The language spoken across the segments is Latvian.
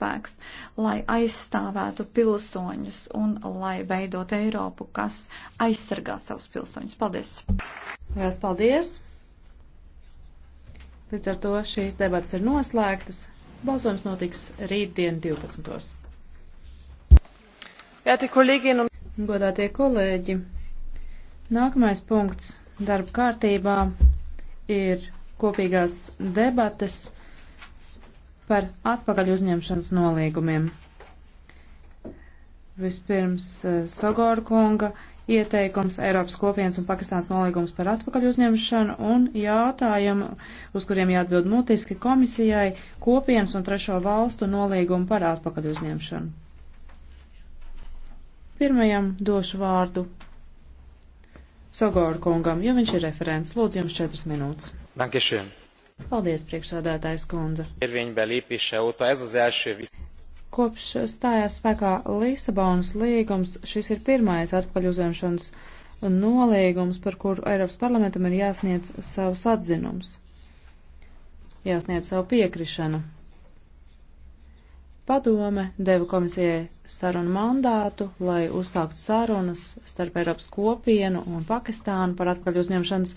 spēks, lai aizstāvētu pilsoņus un lai veidot Eiropu, kas aizsargā savus pilsoņus. Paldies! Lielas paldies! Līdz ar to šīs debatas ir noslēgtas. Balsojums notiks rītdien 12. Nu- Godātie kolēģi, nākamais punkts darba kārtībā ir kopīgās debates par atpakaļ uzņemšanas nolīgumiem. Vispirms eh, Sogor kunga ieteikums Eiropas kopienas un Pakistāns nolīgums par atpakaļ uzņemšanu un jautājumu, uz kuriem jāatbild mutiski komisijai, kopienas un trešo valstu nolīgumu par atpakaļ uzņemšanu. Pirmajam došu vārdu Sogoru kungam, jo viņš ir referents. Lūdzu, jums četras minūtes. Dankiešiem. Paldies, priekšsādātājs kundze. Kopš stājās spēkā Lisabonas līgums, šis ir pirmais atpakaļ uzņemšanas nolīgums, par kuru Eiropas parlamentam ir jāsniedz savs atzinums, jāsniedz savu piekrišanu. Padome deva komisijai sarunu mandātu, lai uzsāktu sarunas starp Eiropas kopienu un Pakistānu par atpakaļ uzņemšanas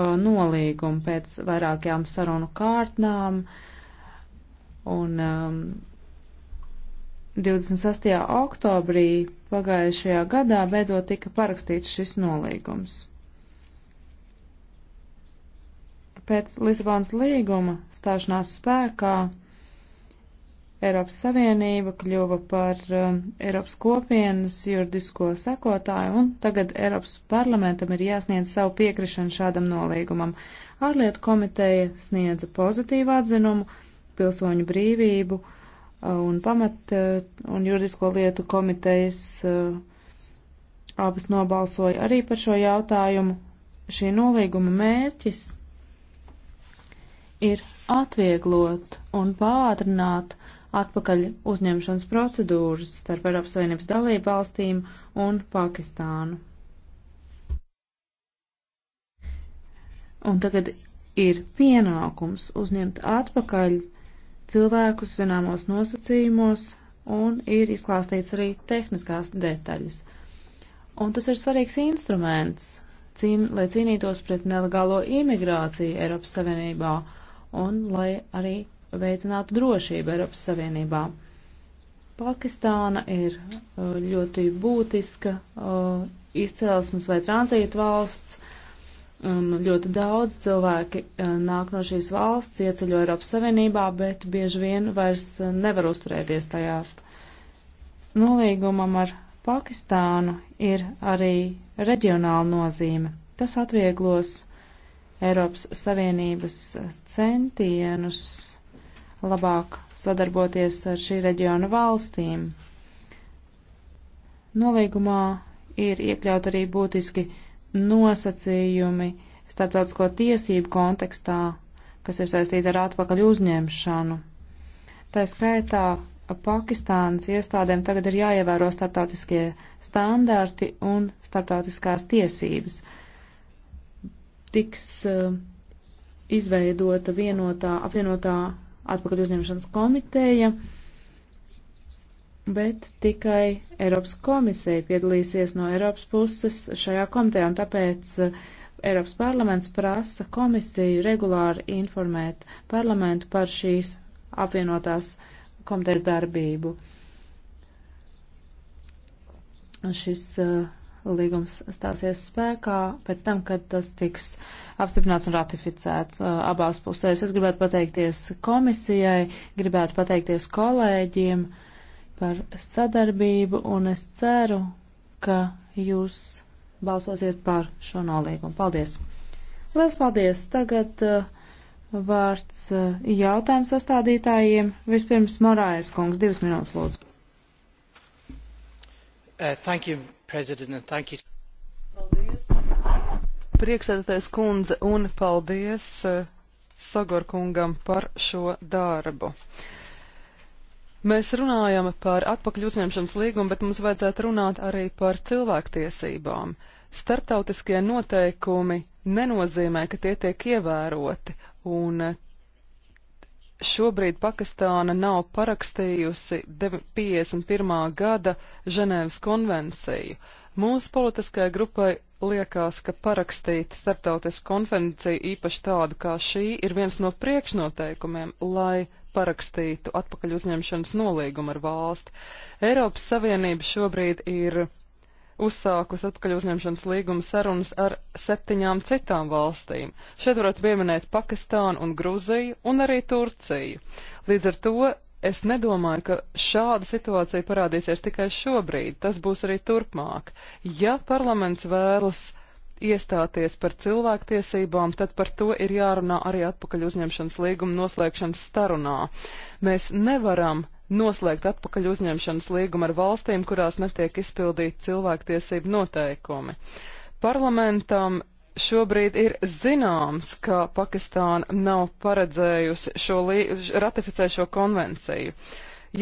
Uh, nolīgumu pēc vairākajām sarunu kārtnām. Un um, 26. oktobrī pagājušajā gadā beidzot tika parakstīts šis nolīgums. Pēc Lisabonas līguma stāšanās spēkā Eiropas Savienība kļuva par um, Eiropas kopienas juridisko sekotāju, un tagad Eiropas parlamentam ir jāsniedz savu piekrišanu šādam nolīgumam. Ārlietu komiteja sniedza pozitīvu atzinumu, pilsoņu brīvību uh, un pamat uh, un juridisko lietu komitejas uh, abas nobalsoja arī par šo jautājumu. Šī nolīguma mērķis ir atvieglot un pātrināt atpakaļ uzņemšanas procedūras starp Eiropas Savienības dalību valstīm un Pakistānu. Un tagad ir pienākums uzņemt atpakaļ cilvēkus zināmos nosacījumos un ir izklāstīts arī tehniskās detaļas. Un tas ir svarīgs instruments, cīn, lai cīnītos pret nelegālo imigrāciju Eiropas Savienībā un lai arī veicinātu drošību Eiropas Savienībā. Pakistāna ir uh, ļoti būtiska uh, izcelsmes vai tranzīta valsts, un ļoti daudz cilvēki uh, nāk no šīs valsts, ieceļo Eiropas Savienībā, bet bieži vien vairs nevar uzturēties tajā. Nolīgumam ar Pakistānu ir arī reģionāla nozīme. Tas atvieglos Eiropas Savieniības centienus labāk sadarboties ar šī reģiona valstīm. Nolīgumā ir iekļaut arī būtiski nosacījumi starptautisko tiesību kontekstā, kas ir saistīti ar atpakaļ uzņemšanu. Tā skaitā Pakistānas iestādēm tagad ir jāievēro starptautiskie standarti un starptautiskās tiesības. Tiks uh, izveidota vienotā, apvienotā atpakaļ uzņemšanas komiteja, bet tikai Eiropas komisija piedalīsies no Eiropas puses šajā komitejā, un tāpēc eh, Eiropas parlaments prasa komisiju regulāri informēt parlamentu par šīs apvienotās komitejas darbību. Šis uh, Līgums stāsies spēkā pēc tam, kad tas tiks apstiprināts un ratificēts uh, abās pusēs. Es gribētu pateikties komisijai, gribētu pateikties kolēģiem par sadarbību, un es ceru, ka jūs balsosiet par šo nolīgumu. Paldies! Lielas paldies! Tagad uh, vārds uh, jautājumu sastādītājiem. Vispirms Morājas kungs, divas minūtes lūdzu. Uh, thank you, Priekšsēdētājs kundze un paldies uh, eh, Sagorkungam par šo darbu. Mēs runājam par atpakaļ uzņemšanas līgumu, bet mums vajadzētu runāt arī par cilvēktiesībām. Startautiskie noteikumi nenozīmē, ka tie tiek ievēroti, un šobrīd Pakistāna nav parakstījusi 51. gada Ženēvas konvenciju. Mūsu politiskajai grupai liekas, ka parakstīt starptautisku konvenciju īpaši tādu kā šī ir viens no priekšnoteikumiem, lai parakstītu atpakaļ uzņemšanas nolīgumu ar valsti. Eiropas Savienība šobrīd ir uzsākus atpakaļ uzņemšanas līguma sarunas ar septiņām citām valstīm. Šeit varētu pieminēt Pakistānu un Gruziju un arī Turciju. Līdz ar to es nedomāju, ka šāda situācija parādīsies tikai šobrīd, tas būs arī turpmāk. Ja parlaments vēlas iestāties par cilvēktiesībām, tad par to ir jārunā arī atpakaļ uzņemšanas līguma noslēgšanas starunā. Mēs nevaram noslēgt atpakaļ uzņemšanas līgumu ar valstīm, kurās netiek izpildīti cilvēktiesību noteikumi. Parlamentam šobrīd ir zināms, ka Pakistāna nav paredzējusi šo ratificēšo konvenciju.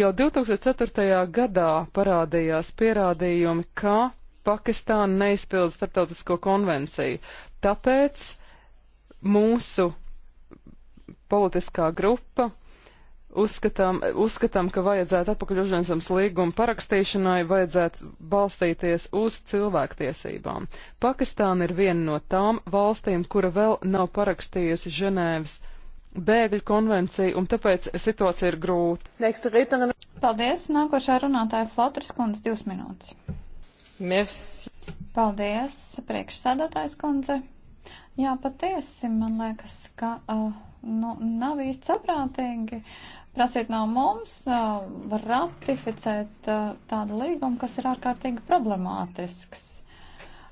Jau 2004. gadā parādījās pierādījumi, ka Pakistāna neizpilda starptautisko konvenciju. Tāpēc mūsu politiskā grupa Uzskatām, uzskatām, ka vajadzētu apakaļužņēmums līguma parakstīšanai vajadzētu balstīties uz cilvēktiesībām. Pakistāna ir viena no tām valstīm, kura vēl nav parakstījusi Ženēvas bēgļu konvenciju, un tāpēc situācija ir grūta. Paldies, nākošā runātāja Flotras kundze, divas minūtes. Merci. Paldies, priekšsēdētājs kundze. Jā, patiesi, man liekas, ka uh, nu, nav īsti saprātīgi. Uh, prasiet no mums uh, ratificēt uh, tādu līgumu, kas ir ārkārtīgi problemātisks.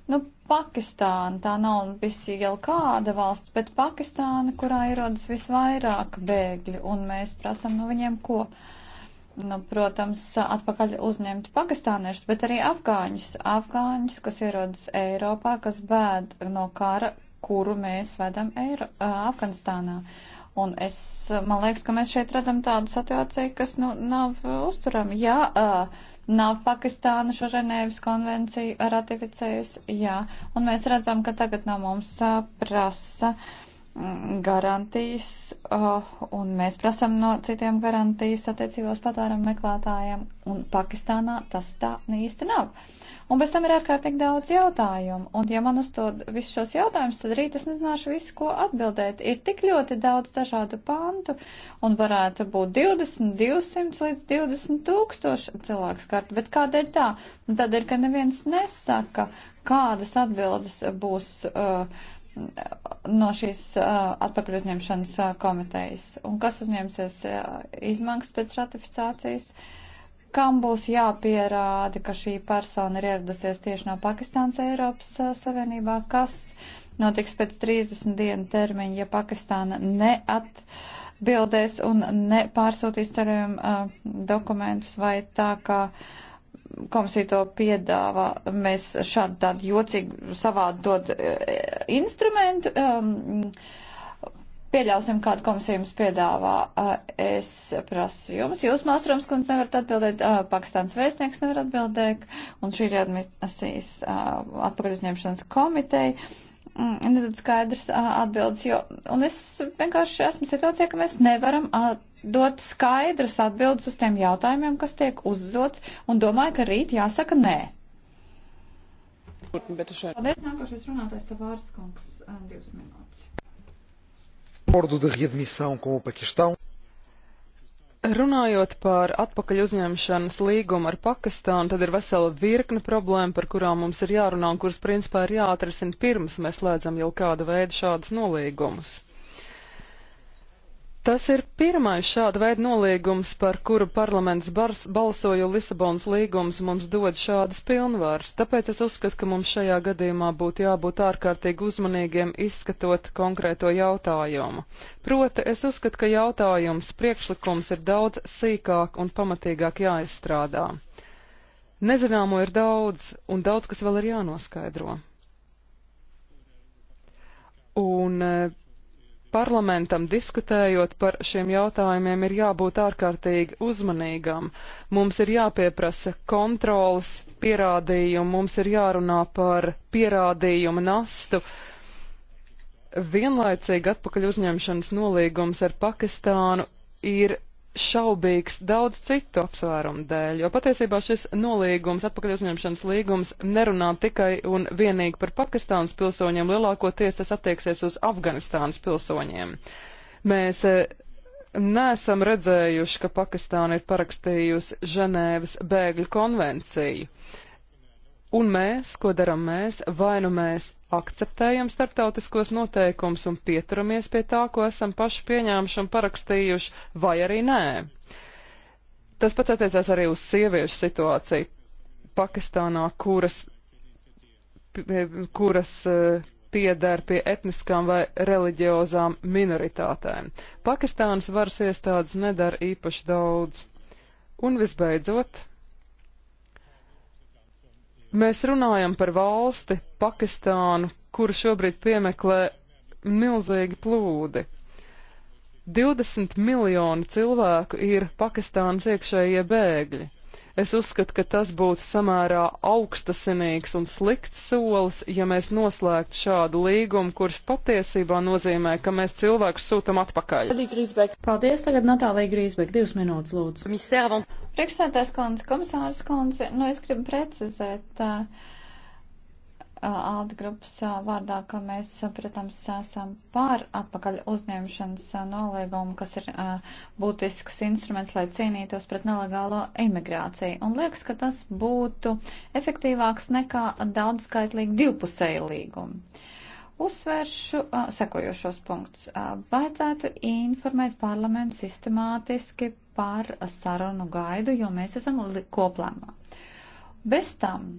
Nu, Pakistāna tā nav visi jau kāda valsts, bet Pakistāna, kurā ierodas visvairāk bēgļi, un mēs prasam no viņiem ko? Nu, protams, atpakaļ uzņemt pakistāniešus, bet arī afgāņus. Afgāņus, kas ierodas Eiropā, kas bēd no kara, kuru mēs vedam Eiro, Afganistānā. Uh, Un es, man liekas, ka mēs šeit radam tādu situāciju, kas nu, nav uzturama. Jā, uh, nav Pakistāna šo Ženēvas konvenciju ratificējusi, jā. Un mēs redzam, ka tagad no mums uh, prasa. Uh, Mm, garantijas, uh, un mēs prasam no citiem garantijas attiecībās patvērumu meklētājiem, un Pakistānā tas tā īsti nav. Un bez tam ir ārkārtīgi daudz jautājumu, un ja man uzdod visus šos jautājumus, tad rīt es nezināšu visu, ko atbildēt. Ir tik ļoti daudz dažādu pantu, un varētu būt 20, 200 līdz 20 tūkstoši cilvēku skartu, bet kādēļ tā? Un nu, tad ir, ka neviens nesaka, kādas atbildes būs. Uh, no šīs atpakaļ uzņemšanas komitejas. Un kas uzņemsies izmaksas pēc ratifikācijas? Kam būs jāpierāda, ka šī persona ir ieradusies tieši no Pakistānas Eiropas Savienībā? Kas notiks pēc 30 dienu termiņa, ja Pakistāna neatbildēs un nepārsūtīs ceļojumu dokumentus vai tā kā. Uh, komisija to piedāvā, mēs šādu tādu jocīgu savādu dod e, instrumentu. Um, Pieļausim, kādu komisiju jums piedāvā. Es prasu jums, jūs, Māstrums kundze, nevarat atbildēt, Pakistāns vēstnieks nevar atbildēt, un šī ir administrācijas atpakaļ uzņemšanas komiteja Mm, nedaudz skaidrs atbildes, jo, un es vienkārši esmu situācijā, ka mēs nevaram dot skaidras atbildes uz tiem jautājumiem, kas tiek uzdots, un domāju, ka rīt jāsaka nē. Paldies, nākošais runātājs Tavārs Kungs, divas minūtes. Acordo de readmissão com o Paquistão. Runājot par atpakaļ uzņemšanas līgumu ar Pakistānu, tad ir vesela virkne problēma, par kurām mums ir jārunā un kuras principā ir jāatrisina pirms mēs slēdzam jau kādu veidu šādus nolīgumus. Tas ir pirmais šāda veida noliegums, par kuru parlaments bars, balsoja Lisabonas līgums mums dod šādas pilnvaras, tāpēc es uzskatu, ka mums šajā gadījumā būtu jābūt ārkārtīgi uzmanīgiem izskatot konkrēto jautājumu. Proti, es uzskatu, ka jautājums priekšlikums ir daudz sīkāk un pamatīgāk jāizstrādā. Nezināmo ir daudz, un daudz, kas vēl ir jānoskaidro. Un eh, parlamentam diskutējot par šiem jautājumiem ir jābūt ārkārtīgi uzmanīgam. Mums ir jāpieprasa kontrolas pierādījumu, mums ir jārunā par pierādījumu nastu. Vienlaicīgi atpakaļ uzņemšanas nolīgums ar Pakistānu ir šaubīgs daudz citu apsvērumu dēļ, jo patiesībā šis nolīgums, atpakaļ uzņemšanas līgums, nerunā tikai un vienīgi par Pakistānas pilsoņiem, lielākoties tas attieksies uz Afganistānas pilsoņiem. Mēs eh, neesam redzējuši, ka Pakistāna ir parakstījusi Ženēvas bēgļu konvenciju. Un mēs, ko darām mēs, vai nu mēs akceptējam starptautiskos noteikumus un pieturamies pie tā, ko esam paši pieņēmuši un parakstījuši, vai arī nē. Tas pats attiecās arī uz sieviešu situāciju Pakistānā, kuras, e, kuras e, piedēr pie etniskām vai reliģiozām minoritātēm. Pakistānas varas iestādes nedara īpaši daudz. Un visbeidzot, Mēs runājam par valsti, Pakistānu, kuru šobrīd piemeklē milzīgi plūdi. 20 miljoni cilvēku ir Pakistānas iekšējie bēgļi. Es uzskatu, ka tas būtu samērā augstasinīgs un slikts solis, ja mēs noslēgtu šādu līgumu, kurš patiesībā nozīmē, ka mēs cilvēkus sūtam atpakaļ. Paldies, tagad Natālija Grīsbek, divas minūtes lūdzu. Priekšsētājs kundze, komisārs kundze, nu es gribu precizēt. Uh, Alda grupas vārdā, ka mēs, protams, esam pār atpakaļ uzņemšanas nolīgumu, kas ir būtisks instruments, lai cīnītos pret nelegālo imigrāciju. Un liekas, ka tas būtu efektīvāks nekā daudzskaitlīgi divpusēji līgumi. Uzsvēršu uh, sekojošos punktus. Uh, baidzētu informēt parlamentu sistemātiski par sarunu gaidu, jo mēs esam koplēmā. Bez tam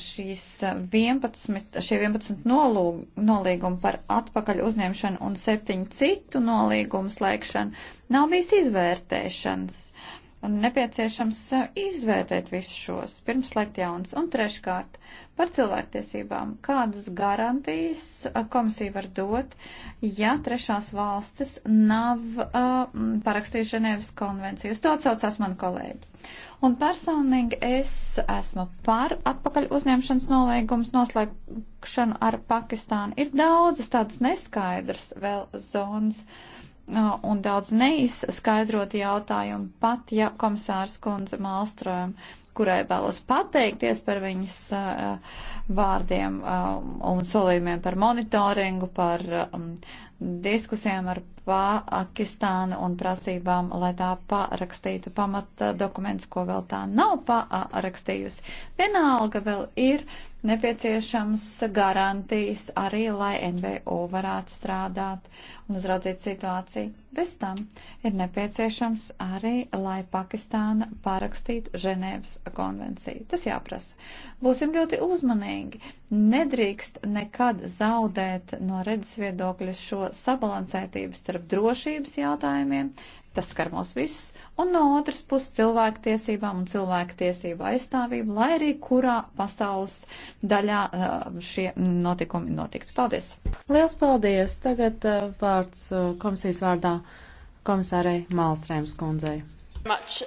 šīs 11, šie 11 nolūg, nolīgumi par atpakaļ uzņemšanu un 7 citu nolīgumu slēgšanu nav bijis izvērtēšanas un nepieciešams eh, izvērtēt visus šos, pirms slēgt jauns. Un treškārt, par cilvēktiesībām, kādas garantijas eh, komisija var dot, ja trešās valstis nav uh, eh, parakstījuši Ženēvas konvenciju. Uz to atsaucās mani kolēģi. Un personīgi es esmu par atpakaļ uzņemšanas nolīgums noslēgšanu ar Pakistānu. Ir daudzas tādas neskaidras vēl zonas. Uh, un daudz neizskaidroti jautājumi, pat ja komisārs kundze Malstrojuma kurai vēlos pateikties par viņas eh, vārdiem eh, un solījumiem par monitoringu, par mm, diskusijām ar Pakistānu un prasībām, lai tā parakstītu pamata dokumentus, ko vēl tā nav parakstījusi. Vienalga vēl ir nepieciešams garantijas arī, lai NVO varētu strādāt un uzraudzīt situāciju. Bez tam ir nepieciešams arī, lai Pakistāna parakstītu Ženēvas konvenciju. Tas jāprasa. Būsim ļoti uzmanīgi. Nedrīkst nekad zaudēt no redzes viedokļa šo sabalansētību starp drošības jautājumiem, uh, Tas skar mūs visus. Un no otras puses cilvēktiesībām un cilvēktiesību aizstāvību, lai arī kurā pasaules daļā uh, šie notikumi notiktu. Paldies! Liels paldies! Tagad uh, vārds uh, komisijas vārdā komisārei Mālstrēms kundzei. Much,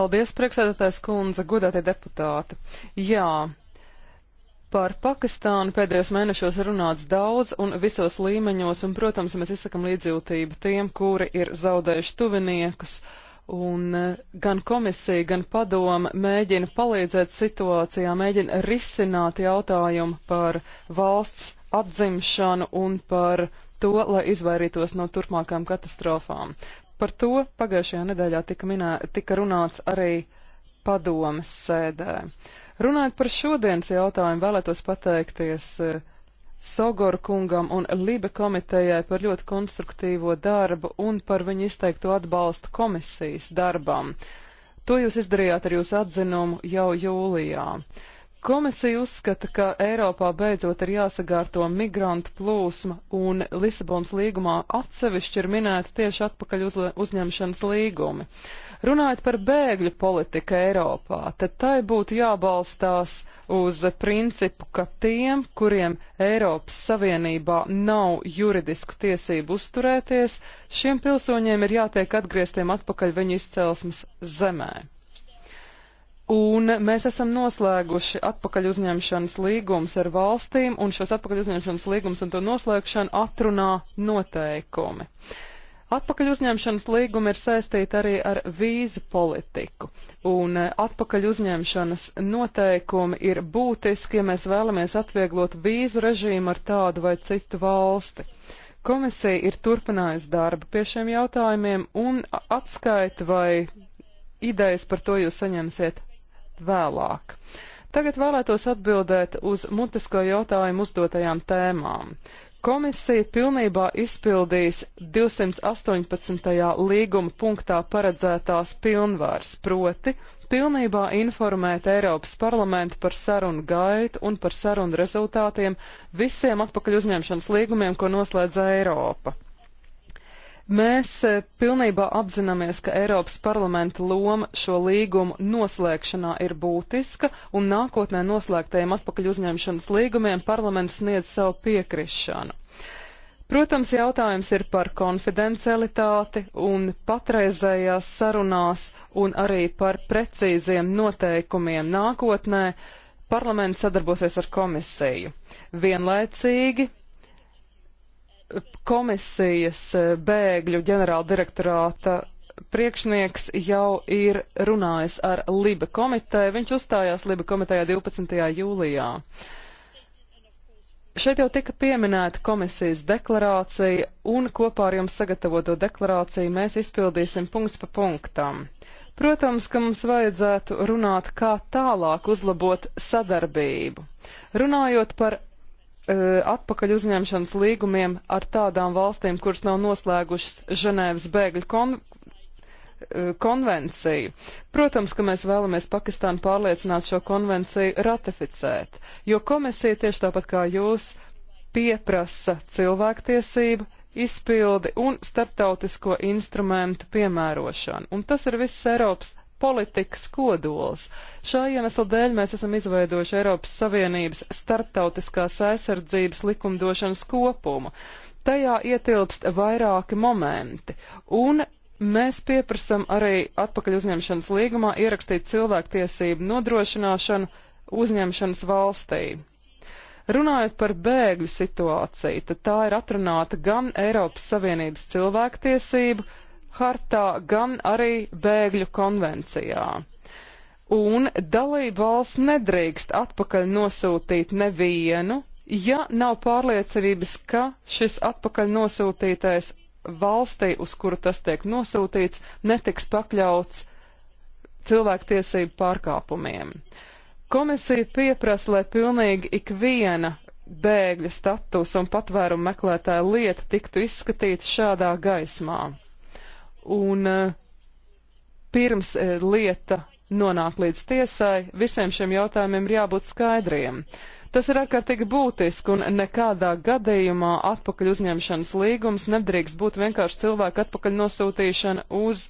Paldies, priekšsēdētājs kundze, godātie deputāti. Jā, Par Pakistānu pēdējos mēnešos ir runāts daudz un visos līmeņos, un, protams, mēs izsakam līdzjūtību tiem, kuri ir zaudējuši tuviniekus, un eh, gan komisija, gan padoma mēģina palīdzēt situācijā, mēģina risināt jautājumu par valsts atzimšanu un par to, lai izvairītos no turpmākām katastrofām. Par to pagājušajā nedēļā tika, minē, tika runāts arī padomas sēdē. Uh, Runājot par šodienas jautājumu, vēlētos pateikties e, Sogor kungam un Libe komitejai par ļoti konstruktīvo darbu un par viņu izteikto atbalstu komisijas darbam. To jūs izdarījāt ar jūsu atzinumu jau jūlijā. Komisija uzskata, ka Eiropā beidzot ir jāsagārto migrantu plūsma, un Lisabons līgumā atsevišķi ir minēta tieši atpakaļ uz, uzņemšanas līgumi. Runājot par bēgļu politiku Eiropā, tad tai būtu jābalstās uz principu, ka tiem, kuriem Eiropas Savienībā nav juridisku tiesību uzturēties, šiem pilsoņiem ir jātiek atgrieztiem atpakaļ viņu izcelsmes zemē. Un mēs esam noslēguši atpakaļ uzņemšanas līgumus ar valstīm, un šos atpakaļ uzņemšanas līgumus un to noslēgšanu atrunā noteikumi. Atpakaļ uzņemšanas līguma ir saistīta arī ar vīzu politiku, un atpakaļ uzņemšanas noteikumi ir būtiski, ja mēs vēlamies atvieglot vīzu režīmu ar tādu vai citu valsti. Komisija ir turpinājusi darbu pie šiem jautājumiem, un atskaita vai idejas par to jūs saņemsiet vēlāk. Tagad vēlētos atbildēt uz mutisko jautājumu uzdotajām tēmām. Komisija pilnībā izpildīs 218. līguma punktā paredzētās pilnvārs, proti pilnībā informēt Eiropas parlamentu par sarunu gaitu un par sarunu rezultātiem visiem atpakaļ uzņemšanas līgumiem, ko noslēdz Eiropa. Mēs eh, pilnībā apzināmies, ka Eiropas parlamenta loma šo līgumu noslēgšanā ir būtiska, un nākotnē noslēgtajiem atpakaļ uzņemšanas līgumiem parlaments sniedz savu piekrišanu. Protams, jautājums ir par konfidencialitāti un patreizējās sarunās un arī par precīziem noteikumiem nākotnē. Parlaments sadarbosies ar komisiju. Vienlaicīgi komisijas eh, bēgļu ģenerāldirektorāta priekšnieks jau ir runājis ar Liba komiteju. Viņš uzstājās Liba komitejā 12. jūlijā. Šeit jau tika pieminēta komisijas deklarācija, un kopā ar jums sagatavoto deklarāciju mēs izpildīsim punkts pa punktam. Protams, ka mums vajadzētu runāt, kā tālāk uzlabot sadarbību. Runājot par E, atpakaļ uzņemšanas līgumiem ar tādām valstīm, kuras nav noslēgušas Ženēvas bēgļu kon e, konvenciju. Protams, ka mēs vēlamies Pakistānu pārliecināt šo konvenciju ratificēt, jo komisija tieši tāpat kā jūs pieprasa cilvēktiesību izpildi un starptautisko instrumentu piemērošanu. Un tas ir viss Eiropas politikas kodols. Šā iemesla dēļ mēs esam izveidojuši Eiropas Savienības starptautiskās aizsardzības likumdošanas kopumu. Tajā ietilpst vairāki momenti, un mēs pieprasam arī atpakaļ uzņemšanas līgumā ierakstīt cilvēktiesību nodrošināšanu uzņemšanas valstī. Runājot par bēgļu situāciju, tad tā ir atrunāta gan Eiropas Savienības cilvēktiesību hartā, gan arī bēgļu konvencijā. Un dalība valsts nedrīkst atpakaļ nosūtīt nevienu, ja nav pārliecības, ka šis atpakaļ nosūtītais valstī, uz kuru tas tiek nosūtīts, netiks pakļauts cilvēktiesību pārkāpumiem. Komisija pieprasa, lai pilnīgi ikviena bēgļa status un patvērumu meklētāja lieta tiktu izskatīta šādā gaismā un eh, pirms eh, lieta nonāk līdz tiesai, visiem šiem jautājumiem ir jābūt skaidriem. Tas ir ārkārtīgi būtiski, un nekādā gadījumā atpakaļ uzņemšanas līgums nedrīkst būt vienkārši cilvēku atpakaļ nosūtīšana uz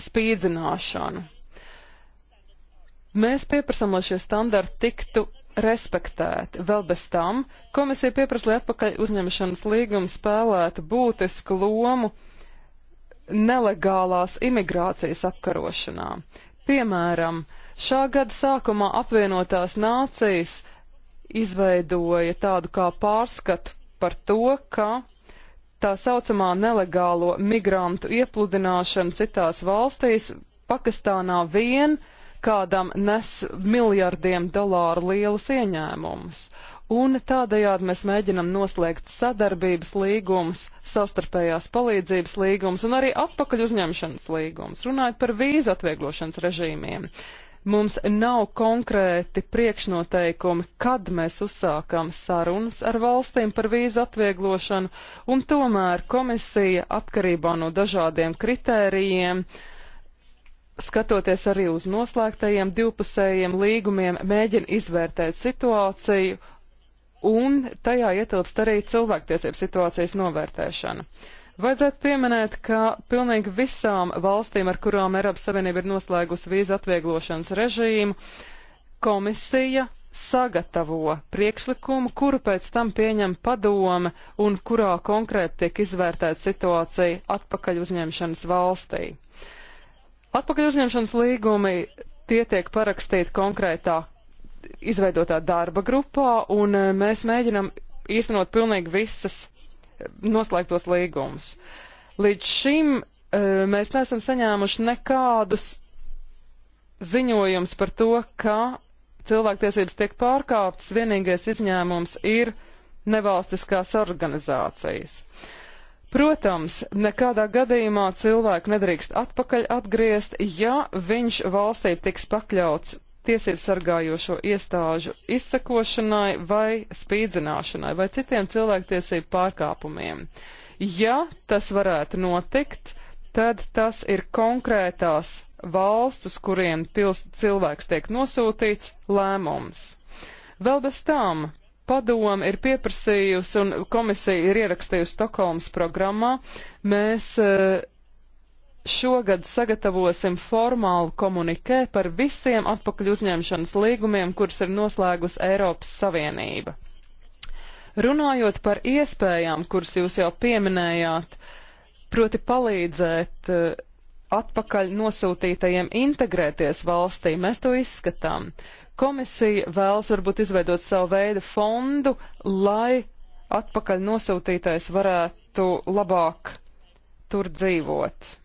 spīdzināšanu. Mēs pieprasām, lai šie standarti tiktu respektēti. Vēl bez tam komisija pieprasa, lai atpakaļ uzņemšanas līgums spēlētu būtisku lomu nelegālās imigrācijas apkarošanā. Piemēram, šā gada sākumā apvienotās nācijas izveidoja tādu kā pārskatu par to, ka tā saucamā nelegālo migrantu iepludināšana citās valstīs Pakistānā vien kādam nes miljardiem dolāru lielus ieņēmumus un tādējādi mēs mēģinam noslēgt sadarbības līgumus, savstarpējās palīdzības līgumus un arī atpakaļ uzņemšanas līgumus, runājot par vīzu atvieglošanas režīmiem. Mums nav konkrēti priekšnoteikumi, kad mēs uzsākam sarunas ar valstīm par vīzu atvieglošanu, un tomēr komisija atkarībā no dažādiem kritērijiem skatoties arī uz noslēgtajiem divpusējiem līgumiem, mēģina izvērtēt situāciju un tajā ietilpst arī cilvēktiesību situācijas novērtēšana. Vajadzētu pieminēt, ka pilnīgi visām valstīm, ar kurām Eiropas Savienība ir noslēgusi vīzu atvieglošanas režīmu, komisija sagatavo priekšlikumu, kuru pēc tam pieņem padome un kurā konkrēti tiek izvērtēta situācija atpakaļ uzņemšanas valstī. Atpakaļ uzņemšanas līgumi tie tiek parakstīti konkrētā izveidotā darba grupā, un eh, mēs mēģinam īstenot pilnīgi visas eh, noslēgtos līgumus. Līdz šim eh, mēs neesam saņēmuši nekādus ziņojums par to, ka cilvēktiesības tiek pārkāptas, vienīgais izņēmums ir nevalstiskās organizācijas. Protams, nekādā gadījumā cilvēku nedrīkst atpakaļ atgriezt, ja viņš valstī tiks pakļauts tiesību sargājošo iestāžu izsakošanai vai spīdzināšanai vai citiem cilvēktiesību pārkāpumiem. Ja tas varētu notikt, tad tas ir konkrētās valsts, uz kuriem pils, cilvēks tiek nosūtīts, lēmums. Vēl bez tām padoma ir pieprasījusi un komisija ir ierakstījusi Stokholmas programmā. Mēs uh, šogad sagatavosim formālu komunikē par visiem atpakaļ uzņemšanas līgumiem, kurus ir noslēgusi Eiropas Savienība. Runājot par iespējām, kuras jūs jau pieminējāt, proti palīdzēt eh, atpakaļ nosūtītajiem integrēties valstī, mēs to izskatām. Komisija vēlas varbūt izveidot savu veidu fondu, lai atpakaļ nosūtītais varētu labāk tur dzīvot.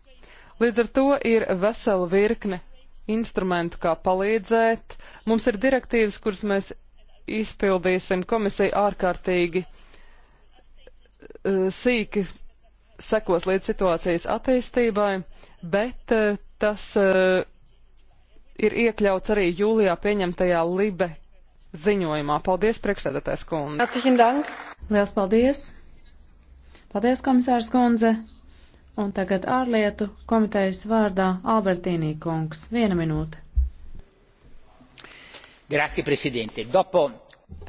Līdz ar to ir vesela virkne instrumentu, kā palīdzēt. Mums ir direktīvas, kuras mēs izpildīsim. Komisija ārkārtīgi eh, sīki sekos līdz situācijas attīstībai, bet eh, tas eh, ir iekļauts arī jūlijā pieņemtajā Libe ziņojumā. Paldies, priekšsēdētājs kundze! Liels paldies! Paldies, komisārs kundze! Un tagad ārlietu komitejas vārdā Albertīnī kungs. Viena minūte. Grazie, prezidente. Dopo.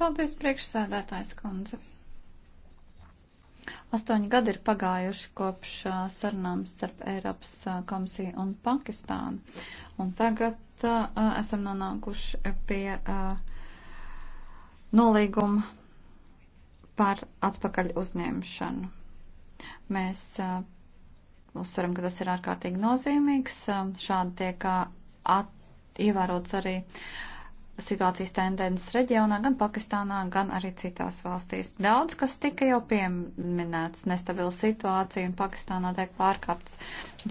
Paldies, priekšsēdētājs kundze. Astoņi gadi ir pagājuši kopš sarunām starp Eiropas komisiju un Pakistānu. Un tagad uh, esam nonākuši pie uh, nolīguma par atpakaļ uzņemšanu. Mēs uh, uzsveram, ka tas ir ārkārtīgi nozīmīgs. Um, šādi tiek uh, at, ievērots arī situācijas tendences reģionā, gan Pakistānā, gan arī citās valstīs. Daudz, kas tika jau pieminēts, nestabila situācija un Pakistānā tiek pārkāptas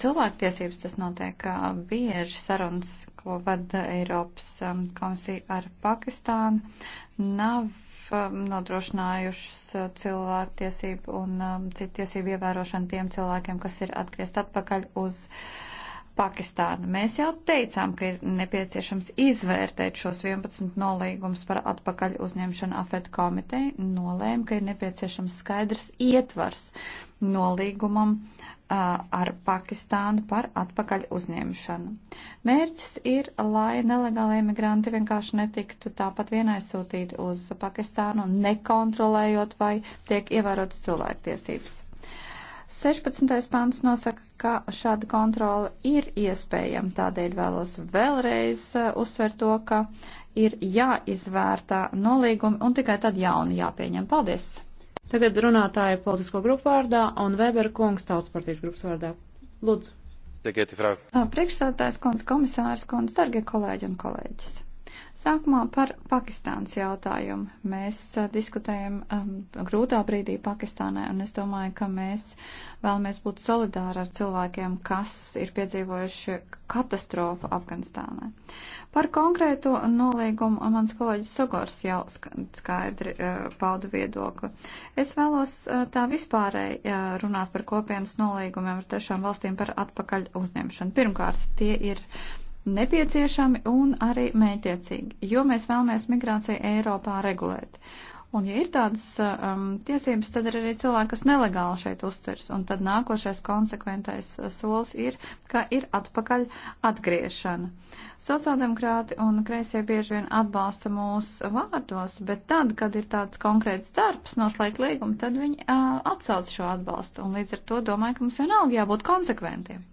cilvēktiesības, tas notiek uh, bieži sarunas, ko vada Eiropas um, komisija ar Pakistānu, nav Um, nodrošinājušas uh, cilvēktiesību un um, citu tiesību ievērošanu tiem cilvēkiem, kas ir atgriezt atpakaļ uz Pakistānu. Mēs jau teicām, ka ir nepieciešams izvērtēt šos 11 nolīgumus par atpakaļ uzņemšanu AFET komiteju. Nolēma, ka ir nepieciešams skaidrs ietvars nolīgumam uh, ar Pakistānu par atpakaļ uzņemšanu. Mērķis ir, lai nelegālie migranti vienkārši netiktu tāpat vien aizsūtīti uz Pakistānu, nekontrolējot, vai tiek ievērotas cilvēktiesības. 16. pants nosaka, ka šāda kontrola ir iespējama, tādēļ vēlos vēlreiz uzsvert to, ka ir jāizvērtā nolīgumi un tikai tad jauni jāpieņem. Paldies! Tagad runātāja politisko grupu vārdā un Weber kungs tautas partijas grupas vārdā. Lūdzu. Priekšstādātājs kundze, komisārs kundze, dargie kolēģi un kolēģis. Sākumā par Pakistānas jautājumu. Mēs a, diskutējam um, grūtā brīdī Pakistānai, un es domāju, ka mēs vēlamies būt solidāri ar cilvēkiem, kas ir piedzīvojuši katastrofu Afganistānai. Par konkrēto nolīgumu mans kolēģis Sogors jau skaidri uh, pauda viedokli. Es vēlos uh, tā vispārēji uh, runāt par kopienas nolīgumiem ar trešām valstīm par atpakaļ uzņemšanu. Pirmkārt, tie ir. Uh, nepieciešami un arī mētiecīgi, jo mēs vēlamies migrāciju Eiropā regulēt. Un, ja ir tādas um, tiesības, tad ir arī cilvēki, kas nelegāli šeit uzturs. Un tad nākošais konsekventais uh, solis ir, ka ir atpakaļ atgriešana. Sociāldemokrāti un kreisie bieži vien atbalsta mūs vārdos, bet tad, kad ir tāds konkrēts darbs noslēgt līgumu, tad viņi uh, atsauc šo atbalstu. Un līdz ar to domāju, ka mums vienalga jābūt konsekventiem.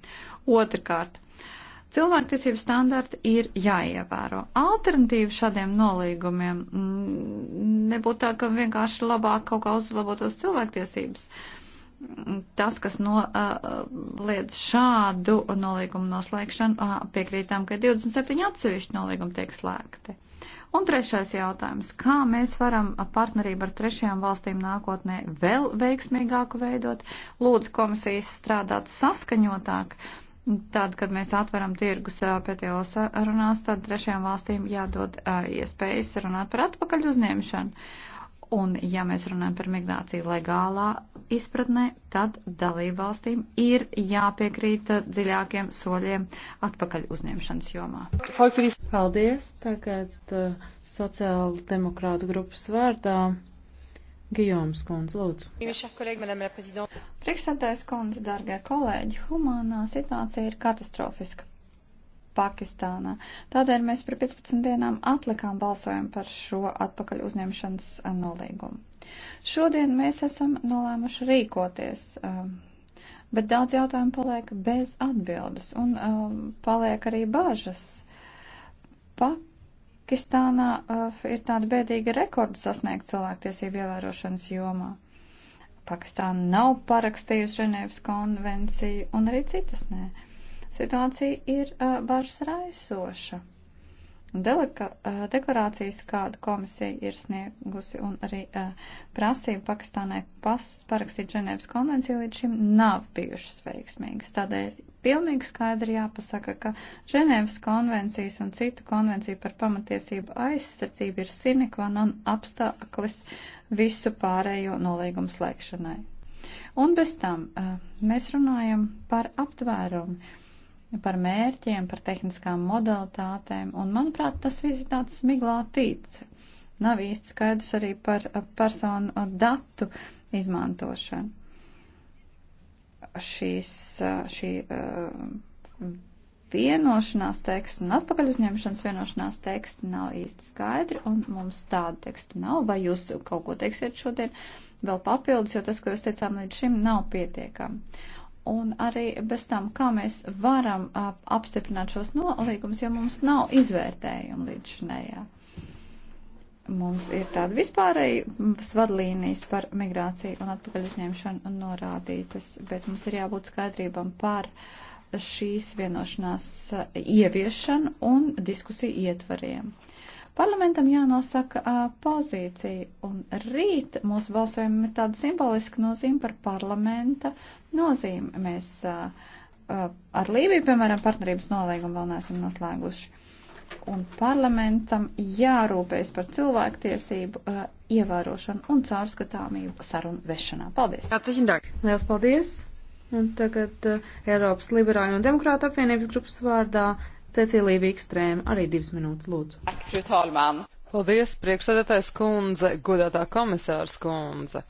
Otrkārt. Uh, Cilvēktiesību standarti ir jāievēro. Alternatīva šādiem nolīgumiem mm, nebūtu tā, ka vienkārši labāk kaut kā uzlabotos cilvēktiesības. Tas, kas noliedz uh, šādu nolīgumu noslēgšanu, uh, piekrītām, ka 27 atsevišķi nolīgumi tiek slēgti. Un trešais jautājums. Kā mēs varam partnerību ar trešajām valstīm nākotnē vēl veiksmīgāku veidot? Lūdzu komisijas strādāt saskaņotāk. Uh, Tad, kad mēs atveram tirgus PTO sarunās, tad trešajām valstīm jādod iespējas runāt par atpakaļ uzņemšanu. Un, ja mēs runājam par migrāciju legālā izpratnē, tad dalībvalstīm ir jāpiekrīt dziļākiem soļiem atpakaļ uzņemšanas jomā. Paldies! Tagad sociāla demokrāta grupas vārdā Gijoms Kundze, lūdzu. Priekšsēdājas Kundze, dargie kolēģi, humānā situācija ir katastrofiska. Pakistānā. Tādēļ mēs par 15 dienām atlikām balsojumu par šo atpakaļ uzņemšanas eh, nolīgumu. Šodien mēs esam nolēmuši rīkoties, eh, bet daudz jautājumu paliek bez atbildes un eh, paliek arī bažas. Pak Pakistānā uh, eh, ir tāda bēdīga rekorda sasniegt cilvēktiesību ievērošanas jomā. Pakistāna nav parakstījusi Ženēvas konvenciju un arī citas nē. Situācija ir uh, eh, bažas raisoša. Delika, uh, deklarācijas, kādu komisija ir sniegusi un arī uh, prasība Pakistānai pas, parakstīt Ženēvas konvenciju, līdz šim nav bijušas veiksmīgas. Tādēļ pilnīgi skaidri jāpasaka, ka Ženēvas konvencijas un citu konvenciju par pamatiesību aizsardzību ir sinikvanon apstāklis visu pārējo nolīgumu slēgšanai. Un bez tam eh, mēs runājam par aptvērumu, par mērķiem, par tehniskām modalitātēm, un manuprāt, tas viss ir tāds smiglā tīts. Nav īsti skaidrs arī par eh, personu datu izmantošanu šīs, šī vienošanās teksta un atpakaļ uzņemšanas vienošanās teksta nav īsti skaidri, un mums tādu tekstu nav, vai jūs kaut ko teiksiet šodien vēl papildus, jo tas, ko jūs teicām līdz šim, nav pietiekami. Un arī bez tam, kā mēs varam apstiprināt šos nolīgumus, ja mums nav izvērtējuma līdz šinējā. Ja mums ir tāda vispārējas vadlīnijas par migrāciju un atpakaļ uzņemšanu norādītas, bet mums ir jābūt skaidrībam par šīs vienošanās eh, ieviešanu un diskusiju ietvariem. Parlamentam jānosaka eh, pozīcija, un rīt mūsu balsojumam ir tāda simboliska nozīme par parlamenta nozīmi. Mēs eh, ar Lībiju, piemēram, partnerības nolīgumu vēl neesam noslēguši un parlamentam jārūpējas par cilvēktiesību uh, ievērošanu un caurskatāmību sarunu vešanā. Paldies! Lielas paldies! Un tagad uh, Eiropas Liberāļu un Demokrāta apvienības grupas vārdā Cecīlija Vīkstrēma arī divas minūtes lūdzu. Ak, Paldies, priekšsēdētājs kundze, godātā komisārs kundze.